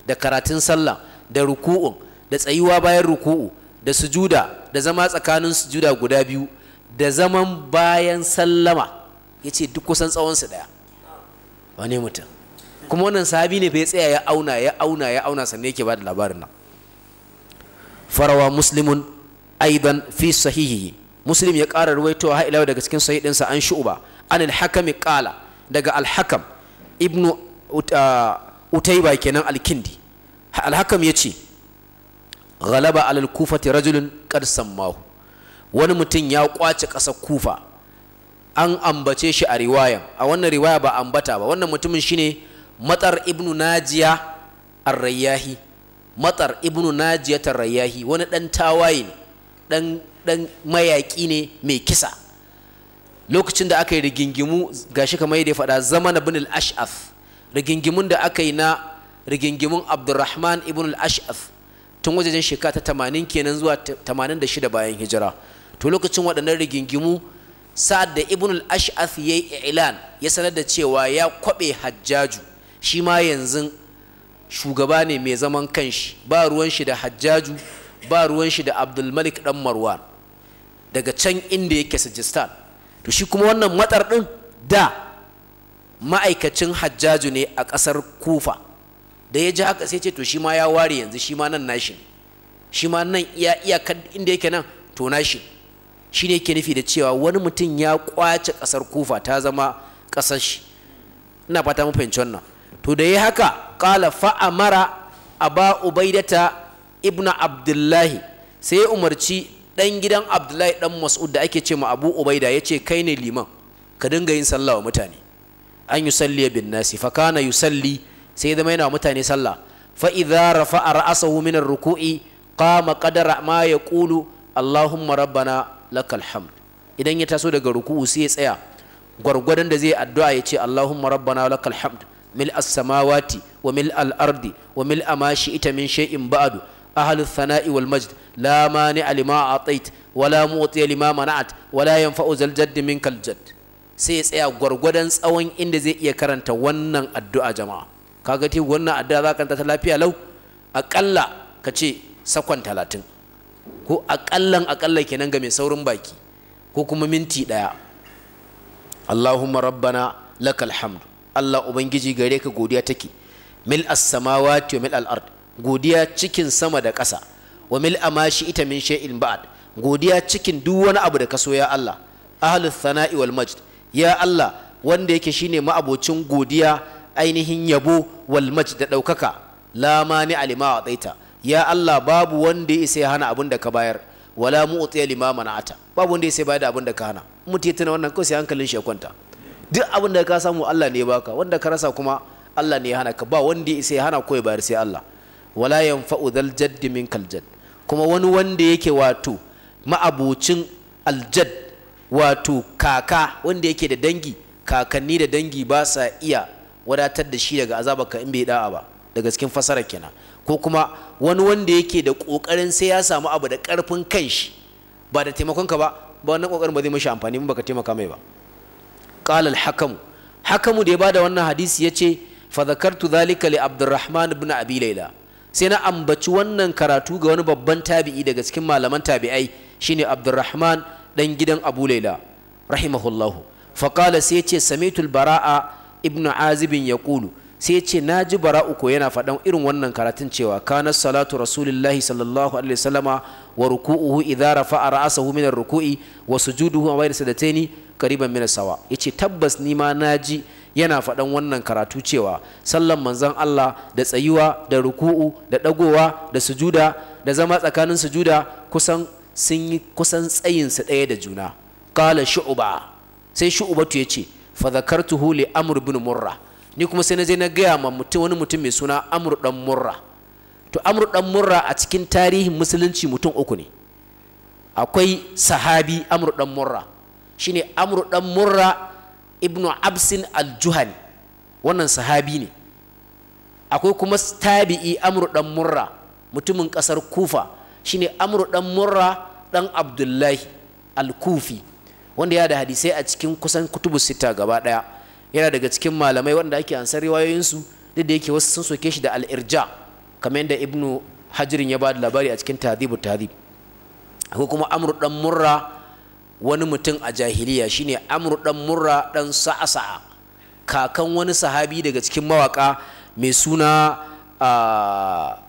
da karatun sallah da ruku'un da tsayuwa bayan ruku'u da sujuda da zama tsakanin sujuda guda biyu da zaman bayan sallama ya ce duk kusan tsawonsu ɗaya wani mutum kuma wannan sahabi ne bai tsaya ya auna ya auna ya auna sannan yake bada labarin nan farawa muslimun aidan fi sahihihi muslim ya kara ruwaito ha ila daga cikin sahih ɗinsa an shu'ba an al kala qala daga al ibnu uh, utaiba kenan alkindi kindi al-hakam yace ghalaba ala al-kufati rajulun qad sammahu wani mutum ya kwace kasa kufa an ambace shi a riwaya a wannan riwaya ba ambata ba wannan mutumin shine matar ibnu najiya arrayahi matar ibnu najiya tarrayahi wani dan tawaye ne dan mayaki ne mai kisa lokacin da aka yi rigingimu gashi kamar yadda ya faɗa zaman ibn al-ash'af rigingimun da aka yi na rigingimun abdurrahman ibn ashaf tun wajen shekara ta 80 kenan zuwa 86 bayan hijira to lokacin waɗannan rigingimu sa'ad da ibn al ya yi ilan ya sanar da cewa ya kwaɓe hajjaju shi ma yanzu shugaba ne mai zaman kanshi ba ruwan shi da hajjaju ba ruwan shi da abdulmalik dan marwan daga can inda yake sajistan to shi kuma wannan matar din da ma'aikacin hajjaju ne a ƙasar kufa da ya ji haka sai ce to shi ma ya ware yanzu shi ma nan nashi shi ma nan iya iyakar inda yake nan to nashi shi ne yake nufi da cewa wani mutum ya kwace ƙasar kufa ta zama ƙasar shi ina fata mu fahimci wannan to da ya haka kala fa'amara ba ubaidata ibna abdullahi sai ya umarci ɗan gidan abdullahi ɗan mas'ud da ake ce ma abu ubaida ya ce kai ne liman ka dinga yin sallah wa mutane an yi salli bin nasi fa kana salli sai zama yana mutane sallah fa idza rafa'a ra'sahu min ar-ruku'i qama qadara ma yaqulu allahumma rabbana lakal hamd idan ya taso daga ruku'u sai ya tsaya gwargwadon da zai addu'a ya ce allahumma rabbana lakal hamd mil as-samawati wa mil al-ardi wa mil ma ita min shay'in ba'du ahlu thana'i wal majd la mani alima atait wala mu'ti lima mana'at wala yanfa'u zal jadd jadd sai ya tsaya gwargwadon tsawon inda zai iya karanta wannan addu'a jama'a kaga te wannan addu'a za ka ta lafiya lau akalla ka ce sakon talatin ko akallan akalla kenan ga mai saurin baki ko kuma minti ɗaya allahumma rabbana lakal hamdu Allah ubangiji gare ka godiya take mil as-samawati wa mil al-ard godiya cikin sama da ƙasa wa mil amashi ita min shay'in ba'd godiya cikin duk wani abu da ka so ya Allah ahlus sana'i wal majd ya Allah wanda yake shine ma'abocin godiya ainihin yabo wal majd da ɗaukaka la mani alima wa taita ya Allah babu wanda ya isa ya hana abin da ka bayar wala mu'tiya limama na'ata babu wanda ya sai bayar da abin da ka hana mutum wannan kawai sai hankalin shi ya kwanta duk abin da ka samu Allah ne baka wanda ka rasa kuma Allah ne ya hana ka ba wanda ya sai hana koyi bayar sai Allah wala yanfa'u dhal jadd kal jadd kuma wani wanda yake wato ma'abucin aljad wato kaka wanda yake da dangi kakanni da dangi ba sa iya wadatar da shi daga ka in bai da'a ba daga cikin fasara kenan ko kuma wani wanda yake da kokarin sai ya samu abu da karfin kanshi ba da taimakonka ba ba wannan kokarin ba zai mishi amfani mun baka taimaka mai ba qala hakam hakamu da ya bada wannan hadisi ya ce zakartu dhalika li abdurrahman bin abi layla sai na ambaci wannan karatu ga wani babban tabi'i daga cikin malaman tabi'ai shine abdurrahman dan gidan abu layla rahimahullahu fa qala sai yace samitu al-bara'a ibn azib yaqulu sai yace naji bara'u ko yana faɗan irin wannan karatun cewa kana salatu rasulillahi sallallahu alaihi wasallama wa ruku'uhu idza rafa'a ra'sahu min ar-ruku'i wa sujuduhu wa bayna sadataini qariban min sawa yace tabbas ni ma naji yana faɗan wannan karatu cewa sallan manzon Allah da tsayuwa da ruku'u da dagowa da sujuda da zama tsakanin sujuda kusan sun yi kusan tsayin su ɗaya da juna qala shu'ba sai shu'batu yace fa zakartuhu li amr bin murra ni kuma sai na je na gaya ma mutum wani mutum mai suna amr dan murra to amr dan murra a cikin tarihin musulunci mutum uku ne akwai sahabi amr dan murra shine amru dan murra ibnu absin al wannan sahabi ne akwai kuma tabi'i amru dan murra mutumin kasar kufa shine amru dan murra dan abdullahi Alkufi? wanda ya da hadisai a cikin kusan kutubu sita gaba daya yana daga cikin malamai wanda ake ansar riwayoyinsu duk da yake wasu sun soke shi da al'irja? irja kamar yadda ibnu hajirin ya ba da labari a cikin tadhibu tadhib akwai kuma amru dan murra wani mutum a jahiliya shine amru dan murra dan sa'a sa'a kakan wani sahabi daga cikin mawaka mai suna ah,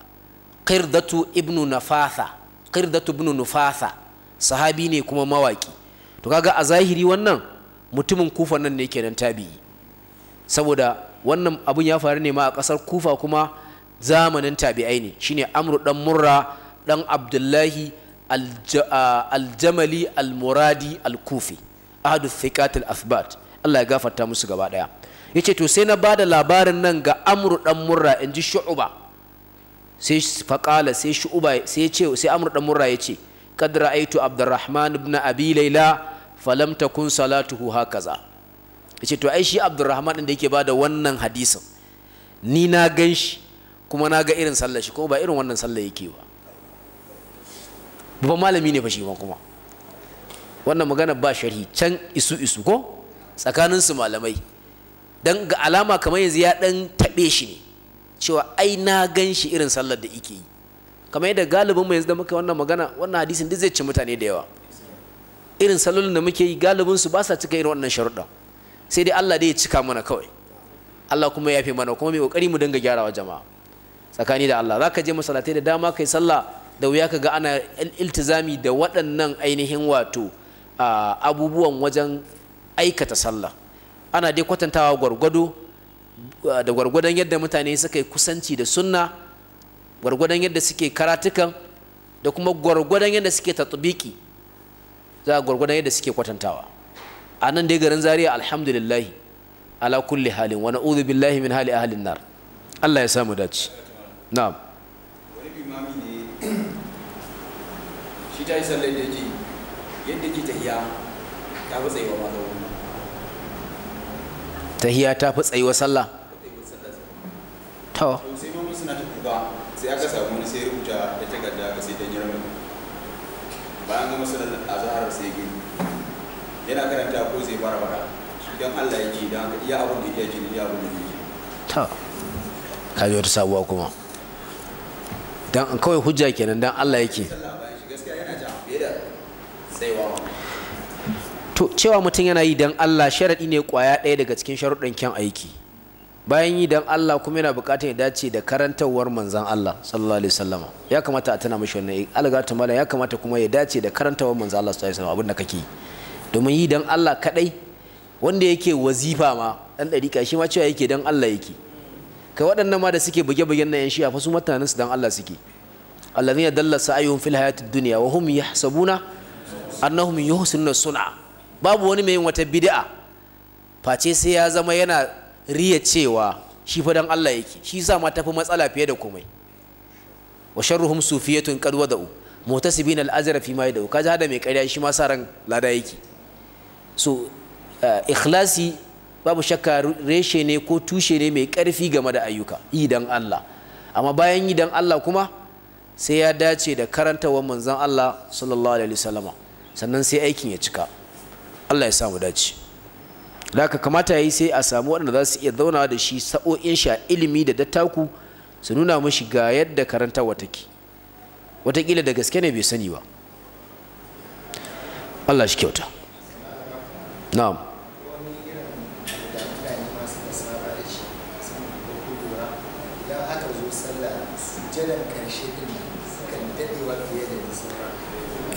qirdatu ibnu nafatha qirdatu ibnu nufatha sahabi ne kuma mawaki to kaga a zahiri wannan mutumin kufa nan ne kenan tabi'i saboda wannan abun ya faru ne ma a ƙasar kufa kuma zamanin tabi'ai ne shine amru dan murra dan abdullahi Uh, aljamali almuradi alkufi ahadu thiqatil athbat Allah ya gafarta musu gaba daya yace to sai na bada labarin nan ga amru dan murra inji shu'uba sai faqala sai shu'uba sai yace sai amru dan murra yace qad ra'aytu abdurrahman ibn abi layla falam takun salatuhu hakaza yace to ai shi abdurrahman din da yake bada wannan hadisin ni na ganshi kuma na ga irin sallar shi ko ba irin wannan sallar yake ba babban malami ne fa shi kuma wannan magana ba sharhi can isu isu ko tsakanin su malamai dan ga alama kamar yanzu ya dan tabe shi ne cewa ai na gan shi irin sallar da yake yi kamar yadda galibin mu yanzu da muka wannan magana wannan hadisin duk zai ci mutane da yawa irin sallolin da muke yi galibin su ba sa cika irin wannan sharuɗa sai dai Allah dai ya cika mana kawai Allah kuma ya fi mana kuma mai kokari mu dinga gyarawa jama'a tsakani da Allah zaka je masallatai da dama kai sallah da wuya ka ga ana iltizami da waɗannan ainihin wato abubuwan wajen aikata sallah ana dai kwatantawa gwargwado da gwargwadon yadda mutane suka yi kusanci da sunna gwargwadon yadda suke karatukan da kuma gwargwadon yadda suke tatbiki za a gwargwadon yadda suke kwatantawa a nan dai garin zaria alhamdulillah ala kulli halin wa na'udhu billahi min hali ahlin nar Allah ya samu dace na'am wani imami ne shi ta yi sallar da yake yadda ke tahiya ta fi tsayuwa ma da wani tahiya ta fi tsayuwa sallah to sai mun suna ta kuka sai aka samu wani sai rubuta da takarda aka sai dan yarmu bayan gama sallar azhar sai gini yana karanta ko zai fara fara don Allah ya ji don iya abin da ya ji iya abin da ya ji ta ka ji wata sabuwa kuma dan kawai hujja kenan dan Allah yake to cewa mutum yana yi don Allah sharaɗi ne ƙwaya ɗaya daga cikin sharuɗin kyan aiki bayan yi don Allah kuma yana buƙatar ya dace da karantarwar manzan Allah sallallahu alaihi wasallama ya kamata a tana mishi wannan eh, alga ta malam ya kamata kuma ya dace da karantarwar manzan Allah sallallahu alaihi wasallama abinda kake domin yi don Allah kaɗai wanda yake wazifa ma dan dariƙa shi ma cewa yake don Allah yake kai waɗannan ma da suke buge-bugen na yan shi'a fa su mutanensu don Allah suke allazina dalla sa'ayuhum fil hayatid dunya wa hum yahsabuna annahum yuhsinu sun'a babu wani mai yin wata bid'a face sai ya zama yana riya cewa shi fa dan Allah yake shi sa ma tafi matsala fiye da komai wa sharruhum sufiyatun qad wada'u mutasibina al fi ma yada'u kaji hada mai ƙarya shi ma sa ran lada yake so eh, ikhlasi babu shakka reshe ne ko tushe ne mai ƙarfi game da ayyuka yi Allah amma bayan idan Allah kuma sai ya dace da karantawar manzon Allah sallallahu alaihi wasallama sannan sai aikin ya cika Allah ya samu dace laka kamata yayi sai a samu waɗanda za su iya zaunawa da shi sa'o'in shi ilimi da dattaku su nuna mashi ga yadda karanta take da gaske ne bai sani ba Allah shi kyauta na'am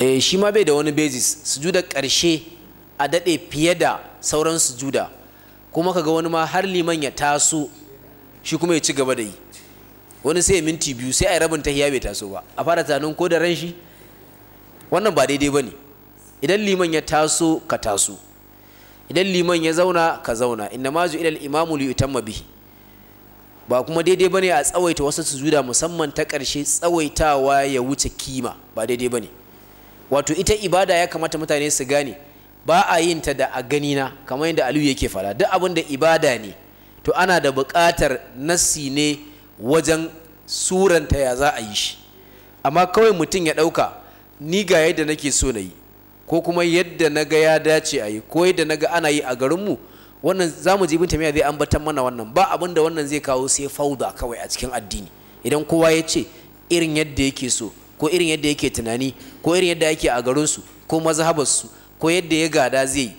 Eh, shi ma bai da wani basis sujuda karshe a daɗe fiye da sauran sujuda kuma ka ga wani ma har liman ya taso shi kuma ya ci gaba da yi wani sai minti biyu sai a rabin tahiya bai taso ba a fara tanin ko da ran shi wannan ba daidai ba ne idan liman ya taso ka taso idan liman ya zauna ka zauna inna ma zu ilal imamu li yutamma bihi ba kuma daidai bane a tsawaita wasu sujuda musamman ta karshe tsawaitawa ya wuce kima ba daidai bane wato ita ibada ya kamata mutane su gane ba a yin ta da a gani na kamar yadda aliyu yake fara duk abin da ibada ne to ana da bukatar nassi ne wajen suranta ya za a yi shi amma kawai mutum ya ɗauka ni ga yadda nake so na yi ko kuma yadda na ga ya dace a yi ko yadda na ga ana yi a garinmu wannan za mu jibin tamiya zai ambatan mana wannan ba abin da wannan zai kawo sai fauda kawai a cikin addini idan kowa ya ce irin yadda yake so ko irin yadda yake tunani ko irin yadda yake a garinsu ko mazhabarsu ko yadda ya gada zai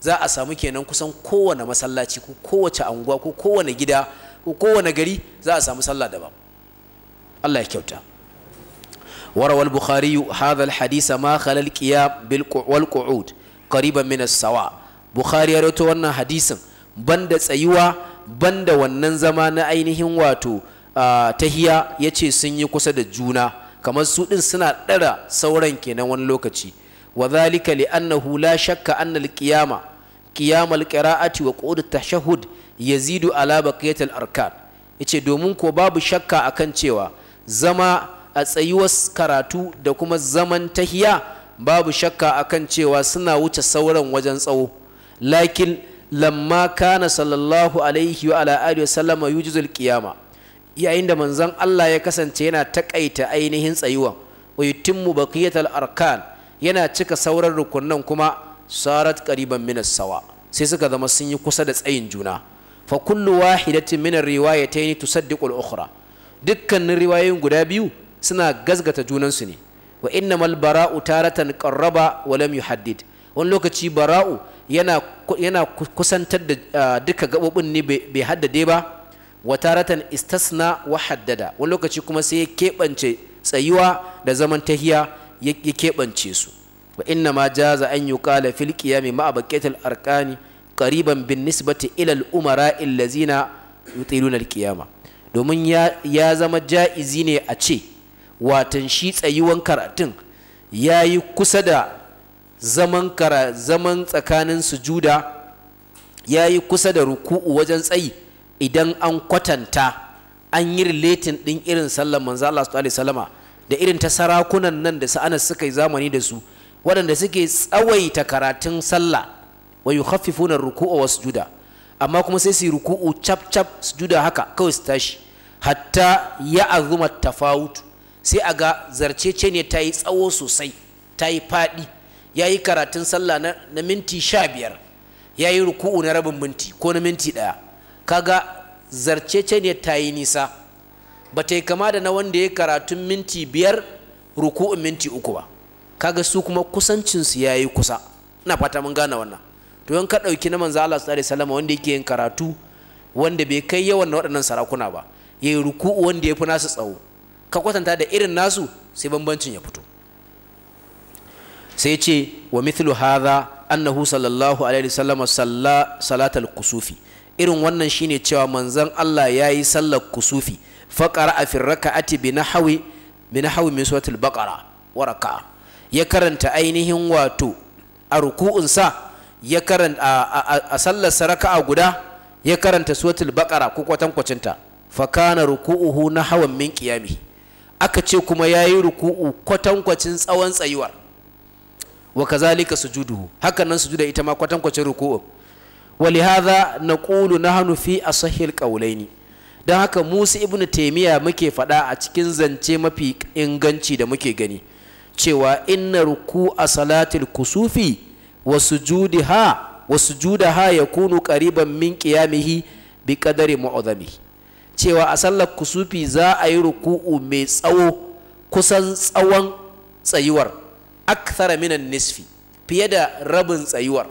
za a samu kenan kusan kowane masallaci ko kowace anguwa ko kowane gida ko kowane gari za a samu sallah daban Allah ya kyauta وروى البخاري هذا الحديث ما خلا القيام والقعود قريبا sawa السواء ya يروي wannan hadisin banda tsayuwa banda wannan zama na ainihin wato ah, tahiya yace sun yi kusa da juna kamar su din suna ɗara sauran kenan wani lokaci wa zalika li annahu la shakka anna al-qiyama qiyam al-qira'ati wa qud tashahhud yazidu ala baqiyat al-arkan yace domin ko babu shakka akan cewa zama a tsayuwar karatu da kuma zaman tahiya babu shakka akan cewa suna wuce sauran wajen tsawo lakin lamma kana sallallahu alaihi wa ala alihi wa sallama yujizul qiyama yayin da manzon Allah ya kasance yana takaita ainihin tsayuwan wa yutimmu baqiyatal arkan yana cika sauran rukunnan kuma sarat qariban min sawa sai suka zama sun yi kusa da tsayin juna fa kullu wahidatin min ar-riwayatayn tusaddiqu al-ukhra dukkanin riwayoyin guda biyu suna gazgata junansu ne wa innamal bara'u taratan qarraba wa lam yuhaddid wani lokaci bara'u yana kusantar da ah, duka gabobin ne bai haddade ba wataratan istasna wa haddada wani lokaci kuma sai ya keɓance tsayuwa da zaman tahiya ya keɓance su wa inna ma jaza an kala fil qiyami ma'a baqiyatil arkani qariban bin nisbati ila al umara allazina yutiluna al qiyama domin ya zama ja'izi ne a ce watan shi tsayuwan karatun ya yi kusa da zaman kara zaman tsakanin sujuda ya yi kusa da ruku'u wajen tsayi idan an kwatanta an yi relating din irin sallar manzo Allah sallallahu alaihi wasallama da irin ta sarakunan nan da anas suka yi zamani da su waɗanda suke tsawaita karatun sallah wa yukhaffifuna ruku'a wa sujuda amma kuma sai su yi ruku'u cap cap sujuda haka kawai su tashi hatta ya azuma tafawut sai a ga zarcece ne ta yi tsawo sosai ta yi faɗi ya yi karatun sallah na minti sha biyar ya yi ruku'u na rabin minti ko na minti ɗaya kaga zarcece ne ta yi nisa ba ta yi kama da na wanda ya karatun minti biyar ruku'un minti uku ba kaga su kuma kusancinsu ya yi kusa ina fata mun gane wannan to yan ka ɗauki na manzo Allah sallallahu alaihi wasallam wanda yake yin karatu wanda bai kai yawan na waɗannan sarakuna ba yayi ruku'u wanda ya fi nasu tsawo ka kwatanta da irin nasu sai bambancin ya fito sai ce wa mithlu hadha annahu sallallahu alaihi wasallam salla salatal kusufi irin wannan shine cewa manzon Allah ya yi sallar kusufi faƙara a firraka'ati bi nahawi bi nahawi min suratul baqara wa raka'a ya karanta ainihin wato a ruku'unsa ya karanta a sallar raka'a guda ya karanta suratul baqara ko kwatankwacinta fa kana ruku'uhu hawan min qiyami aka ce kuma ya yi ruku'u kwatankwacin tsawon tsayuwar wa kazalika sujuduhu hakanan sujuda ita ma kwatankwacin ruku'u ولهذا نقول نحن في أصح القولين don haka musu ibnu taimiyya muke fada a cikin zance mafi inganci da muke gani cewa inna ruku a salatil kusufi wa sujudiha wa sujudaha yakunu qariban min qiyamihi bi qadari mu'azamihi cewa a sallar kusufi za a yi ruku'u mai tsawo kusan tsawon tsayuwar akthara minan nisfi fiye da rabin tsayuwar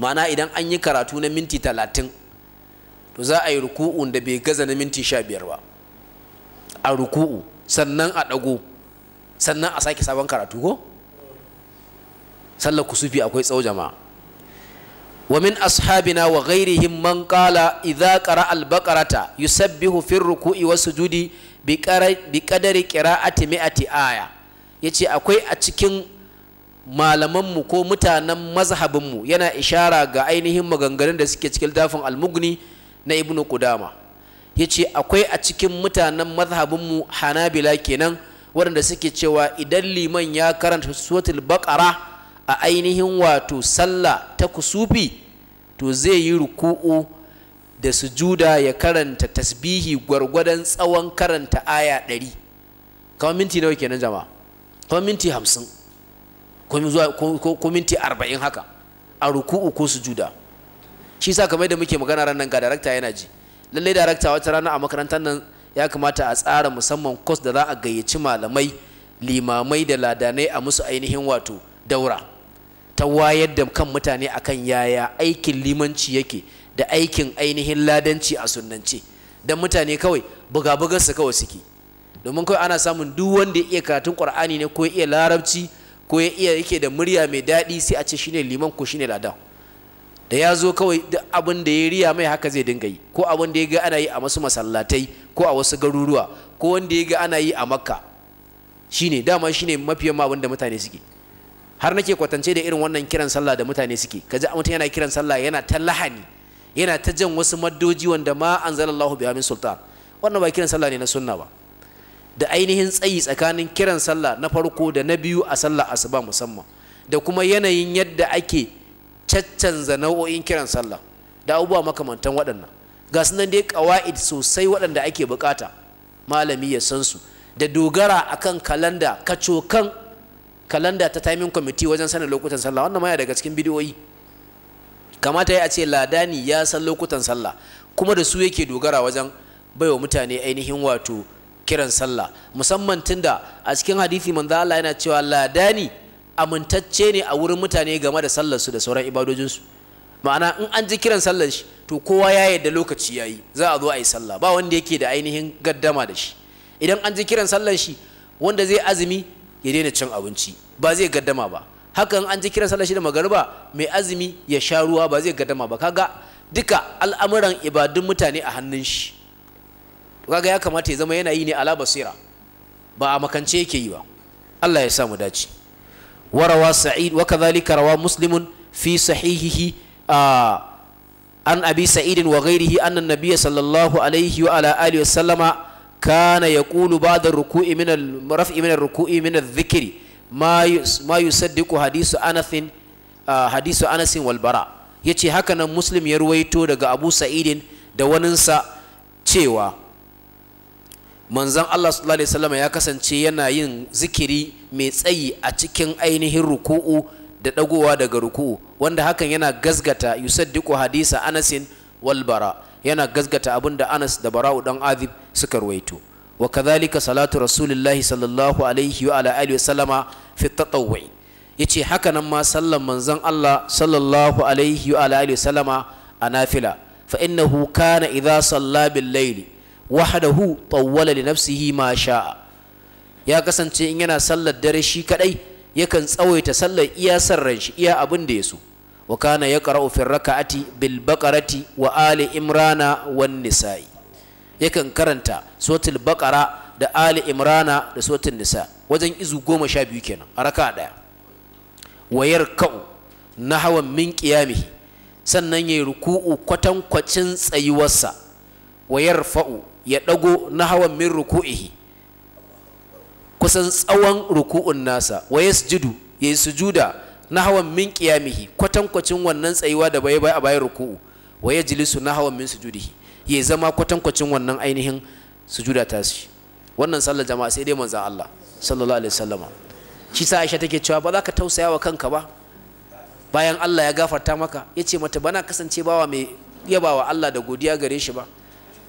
ma'ana idan an yi karatu na minti talatin to za a yi ruku'un da bai gaza na minti sha biyar ba a ruku'u sannan a ɗago sannan a sake sabon karatu ko sallar kusufi akwai tsawo jama'a wa min ashabina wa gairihin man qala idza qara al-baqarata yusabbihu fi ruku'i wa sujudi bi qadari qira'ati mi'ati aya yace akwai a cikin malamanmu ko mutanen mazhabinmu yana ishara ga ainihin maganganun da suke cikin littafin almugni na ibnu kudama ya ce akwai a cikin mutanen mazhabinmu hanabila kenan waɗanda suke cewa idan liman ya karanta suratul baqara a ainihin wato sallah ta kusufi to zai yi ruku'u da sujuda ya karanta tasbihi gwargwadon tsawon karanta aya ɗari kamar minti nawa kenan jama'a kamar minti hamsin ko zuwa ko minti arba'in haka a ruku'u ko sujuda shi sa kamar da muke magana ran nan ga darakta yana ji lallai darakta wata rana a makarantar nan ya kamata a tsara musamman kwas da za a gayyaci malamai limamai da ladanai a musu ainihin wato daura ta wayar da kan mutane akan yaya aikin limanci yake da aikin ainihin ladanci a sunnance don mutane kawai buga bugarsa kawai suke domin kawai ana samun duk wanda ya iya karatun Kur'ani ne ko ya iya larabci ko ya iya yake da murya mai daɗi sai a ce shine liman ko shine lada da ya zo kawai duk abin da ya riya mai haka zai dinga yi ko abin da ya ga ana yi a masu masallatai ko a wasu garuruwa ko wanda ya ga ana yi a makka shine dama shine mafi yamma abin da mutane suke har nake kwatance da irin wannan kiran sallah da mutane suke kaji mutum yana kiran sallah yana ta lahani yana ta jan wasu maddoji wanda ma anzalallahu biha min sultan wannan ba kiran sallah ne na sunna ba da ainihin tsayi tsakanin kiran sallah na farko da na biyu a sallah asuba musamman da kuma yanayin yadda ake caccanza nau'o'in kiran sallah da abubuwa makamantan waɗannan ga su nan dai ƙawa'id sosai waɗanda ake bukata malami ya san su da dogara akan kalanda kacokan kalanda ta timing committee wajen sanin lokutan sallah wannan ma ya daga cikin bidiyoyi kamata ya ce ladani ya san lokutan sallah kuma da su yake dogara wajen baiwa mutane ainihin wato kiran sallah musamman tunda a cikin hadisi manzo Allah yana cewa ladani amintacce ne a wurin mutane game da sallar su da sauran ibadojin su ma'ana in an ji kiran sallar shi to kowa ya yarda lokaci yayi za a zo a yi sallah ba wanda yake da ainihin gaddama da shi idan an ji kiran sallar shi wanda zai azumi ya daina cin abinci ba zai gaddama ba hakan an ji kiran sallar shi da magariba mai azumi ya sha ruwa ba zai gaddama ba kaga duka al'amuran ibadun mutane a hannun shi kaga ya kamata ya zama yana ne ala basira ba a makance yake yi ba Allah ya samu dace rawa sa'id wa kadhalika rawa muslimun fi sahihihi an abi sa'id wa ghairihi anna an-nabiy sallallahu alaihi wa ala alihi wa sallama kana yaqulu ba'da rukui min al-raf'i min ar-ruku'i min adh-dhikri ma ma yusaddiqu hadithu Anas hadithu Anas wal Bara yace haka nan Muslim ya ruwaito daga Abu Sa'idin da waninsa cewa manzon Allah sallallahu alaihi wasallam ya kasance yana yin zikiri mai tsayi a cikin ainihin ruku'u da dagowa daga ruku'u wanda hakan yana gazgata yusaddiqu hadisa Anasin wal Bara yana gazgata abinda Anas da Bara'u dan Azib suka ruwaito wa kadhalika salatu rasulillahi sallallahu alaihi wa ala alihi wasallama fi tatawwi yace haka nan ma sallan manzon Allah sallallahu alaihi wa ala alihi wasallama a nafila fa innahu kana idha salla bil layli wahdahu tawwala li nafsihi ma sha'a ya kasance in yana sallar dare shi kadai yakan tsawaita sallar iya sarran shi iya abin da ya so wa kana yaqra'u fi raka'ati bil baqarati wa ali imrana wan nisa'i yakan karanta suratul baqara da ali imrana da suratul nisa wajen izu goma sha biyu kenan a raka'a daya wa yarka'u nahawan min qiyamihi sannan yayi ruku'u kwatankwacin tsayuwarsa wa yarfa'u ya ɗago na hawan min ruku'ihi kusan tsawon ruku'un nasa wa yasjudu ya yi sujuda na hawan min qiyamihi kwatankwacin wannan tsayuwa da bai bai a bayan ruku'u wa yajlisu na hawan min sujudihi ya zama kwatankwacin wannan ainihin sujuda ta shi wannan sallar jama'a sai dai manzon Allah sallallahu alaihi wasallama shi sa Aisha take cewa ba za ka tausaya wa kanka ba bayan Allah ya gafarta maka yace mata bana kasance bawa mai yabawa Allah da godiya gare shi ba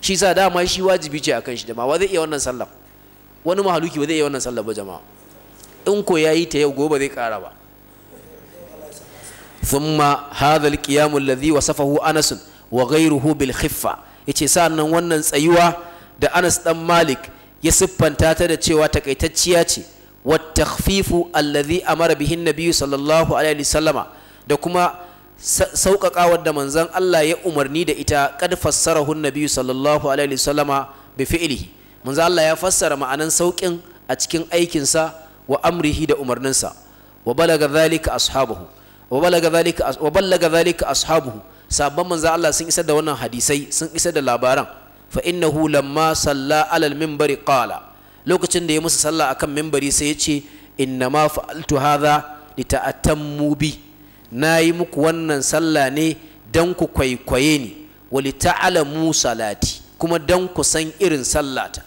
shi sa dama shi wajibi ce akan shi dama wa zai iya wannan sallah wani mahaluki ba zai iya wannan sallah ba jama'a in ko yayi ta yau gobe zai kara ba thumma hadha alqiyam alladhi wasafahu Anas wa ghayruhu bil khiffa yace sannan wannan tsayuwa da Anas dan Malik ya siffanta ta da cewa takaitacciya ce watakfifu takhfifu alladhi amara bihi an sallallahu alaihi wasallama da kuma sauƙaƙawar da manzan Allah ya umarni da ita kad fassarahu nabiyyu sallallahu alaihi wasallama bi fi'lihi manzan Allah ya fassara ma'anan sauƙin a cikin aikinsa wa amrihi da umarninsa wa balaga dhalika ashabuhu wa balaga wa balaga ashabuhu sabban Allah sun isar da wannan hadisai sun isar da labaran fa innahu lamma salla alal minbari qala lokacin da ya musu sallah akan minbari sai ya ce inna ma fa'altu hadha li bi na yi muku wannan sallah ne don ku kwaikwaye ni wali ta'alamu salati kuma don ku san irin sallata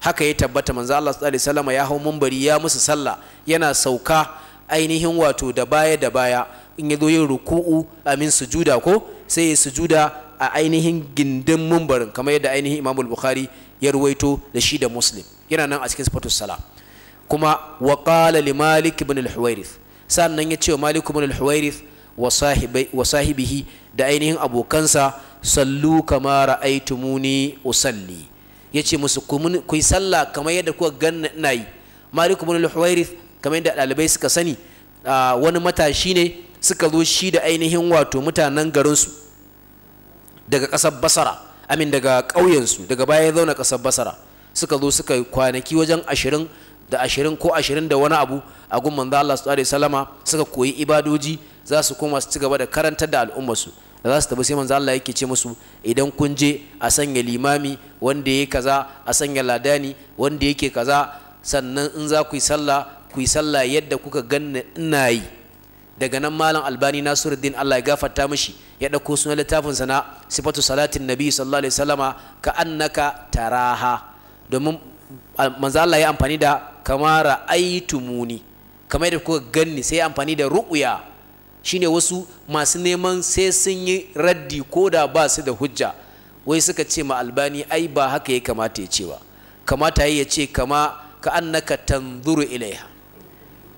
haka ya tabbata manzo Allah sallallahu alaihi wasallam ya hau mumbari ya musu sallah yana sauka ainihin wato da baya da baya in ya zo yin ruku'u amin sujuda ko sai ya sujuda a ainihin gindin mumbarin kamar yadda ainihin Imam Bukhari ya ruwaito da shi da Muslim yana nan a cikin sifatus sala kuma wa qala li Malik ibn al-Huwairith sannan ya ce wa malik ibn al-huwairith wa sahibihi da ainihin abokansa sallu kama ra'aytumuni usalli yace musu ku yi sallah kamar yadda kuka ganna ina yi malik ibn al-huwairith kamar yadda dalibai suka sani wani matashi ne suka zo shi da ainihin wato mutanen garinsu daga kasar basara amin daga ƙauyensu daga baya ya zauna kasar basara suka zo suka kwanaki wajen ashirin da ashirin ko ashirin da wani abu a gun manzo Allah sallallahu alaihi wasallama suka koyi ibadoji za su koma su ci gaba da karantar da al'ummarsu da za su tafi sai manzo Allah yake ce musu idan kun je a sanya limami wanda yake kaza a sanya ladani wanda yake kaza sannan in za ku yi sallah ku yi sallah yadda kuka ganna ina yi daga nan malam albani nasiruddin Allah ya gafarta mishi ya dauko sunan littafin sa na sifatu salatin nabi sallallahu alaihi wasallama ka annaka taraha domin manzo Allah ya amfani da kama aitumuni kamar da kuka ganni sai amfani da ruƙuya shine wasu masu neman sai sun yi raddi ko da ba su da hujja wai suka ce ma albani ai ba haka ya kamata ya ce ba kamata ya ce kama ka annaka tanzuru ilaiha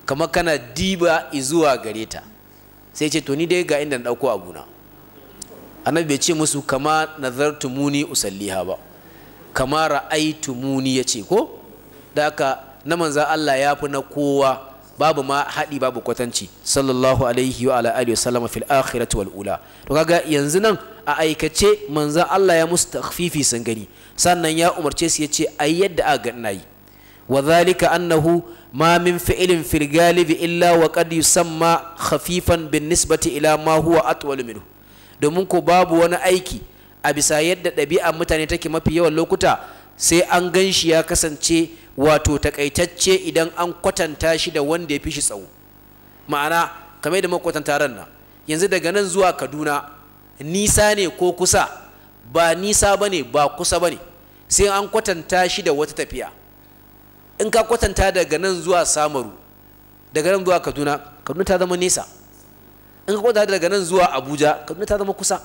kama kana diba izuwa gare ta sai ce to ni dai ga inda na dauko abuna annabi bai ce musu kama nazartumuni usalliha ba kama ra'aitumuni yace ko da haka na manzan Allah ya fi na kowa babu ma haɗi babu kwatanci sallallahu alaihi wa ala alihi wasallam fil akhirati wal ula to kaga yanzu nan a aikace manzan Allah ya musu takhfifi sun gani sannan ya umarce su yace ai yadda a ga nayi wa zalika annahu ma min fi'lin fil galibi illa wa qad yusamma khafifan bin nisbati ila ma huwa atwal minhu domin ko babu wani aiki a bisa yadda ɗabi'a mutane take mafi yawan lokuta sai an gan shi ya kasance wato takaitacce idan an kwatanta shi da wanda ya fi shi tsawo ma'ana kamar da makwatanta ran nan yanzu daga nan zuwa kaduna nisa ne ko kusa ba nisa ba ne ba kusa ba ne sai an kwatanta shi da wata tafiya in ka kwatanta daga nan zuwa samaru daga nan zuwa kaduna kaduna ta zama nesa in ka kwatanta daga nan zuwa abuja kaduna ta zama kusa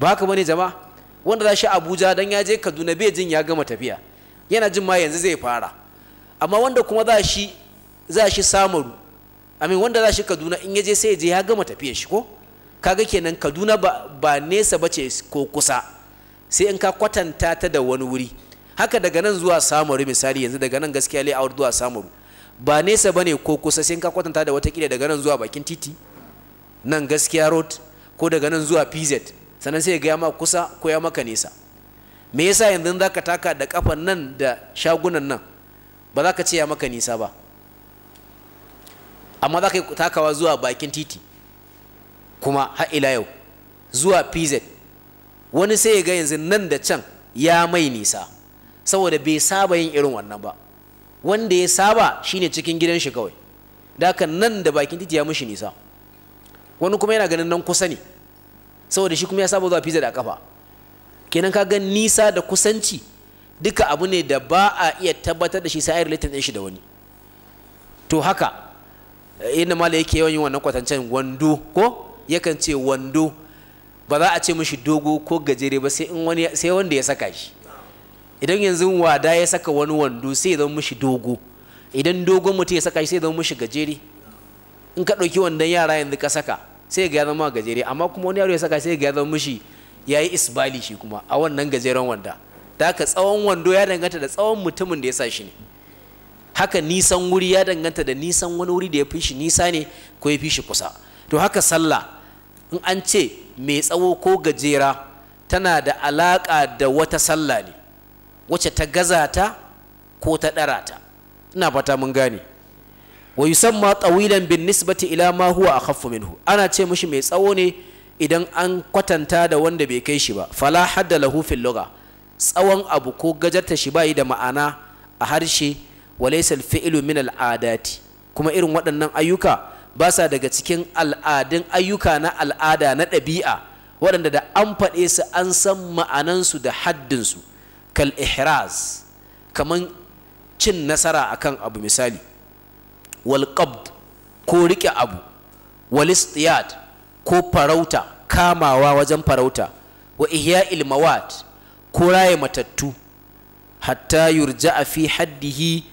ba haka ba ne jama'a wanda za shi abuja don ya je kaduna bai jin ya gama tafiya yana jin ma yanzu zai fara amma wanda kuma za shi za shi samaru amin wanda za shi kaduna in ya je sai ya je ya gama tafiyar shi ko kaga kenan kaduna ba, ba nesa ba ce ko kusa sai in ka kwatanta ta da wani wuri haka daga nan zuwa samaru misali yanzu daga nan gaskiya layout zuwa samaru ba nesa bane ko kusa sai in ka kwatanta da watakila daga nan zuwa bakin titi nan gaskiya road ko daga nan zuwa pz sannan sai ya gaya ma kusa ko ya maka nesa me yasa yanzu za ka taka da kafan nan da shagunan nan ba za ka ce ya maka nisa ba amma za ka yi takawa zuwa bakin titi kuma har yau zuwa pz wani sai ya ga yanzu nan da can ya mai nisa saboda bai saba yin irin wannan ba wanda ya saba shine cikin gidan shi kawai da nan da bakin titi ya mishi nisa wani kuma yana ganin nan kusa ne saboda shi kuma ya saba zuwa pz a kafa kenan ka ga nisa da kusanci duka abu ne da ba a iya tabbatar da shi sai relatin ɗin shi da wani to haka eh, inda mala yake yawan yin wannan kwatancen wando ko yakan ce wando ba za a ce mishi dogo ko gajere ba sai in wani sai wanda ya saka shi idan yanzu wada ya saka wani wando sai ya zama mishi dogo idan dogon mutum ya saka shi sai ya zama mishi gajere in ka ɗauki wandon yara yanzu ka saka sai ga ya zama gajere amma kuma wani yaro ya saka sai ga ya zama mishi ya yi isbali shi kuma a wannan gajeren wanda da haka tsawon wando ya danganta da tsawon mutumin da ya sa shi ne haka nisan wuri ya danganta da nisan wani wuri da ya fi shi nisa ne ko ya fi shi kusa to haka sallah in an ce mai tsawo ko gajera tana da alaƙa da wata sallah ne wacce ta gaza ta ko ta ɗara ta ina fata mun gane wa yusamma tawilan bin nisbati ila ma huwa akhaffu minhu ana ce mishi mai tsawo ne idan an kwatanta da wanda bai kai shi ba fala hadda lahu fil lugha tsawon abu ko gajarta shi bai da ma'ana a harshe walaysa al fi'lu min al adati kuma irin waɗannan ayyuka ba sa daga cikin al'adun ayyuka na al'ada na ɗabi'a waɗanda da an faɗe su an san ma'anansu da haddinsu kal ihraz kamar cin nasara akan abu misali wal qabd ko riƙe abu wal istiyad ko farauta kamawa wajen farauta wa ihya ilmawat ko raye matattu hatta yurja'a fi haddihi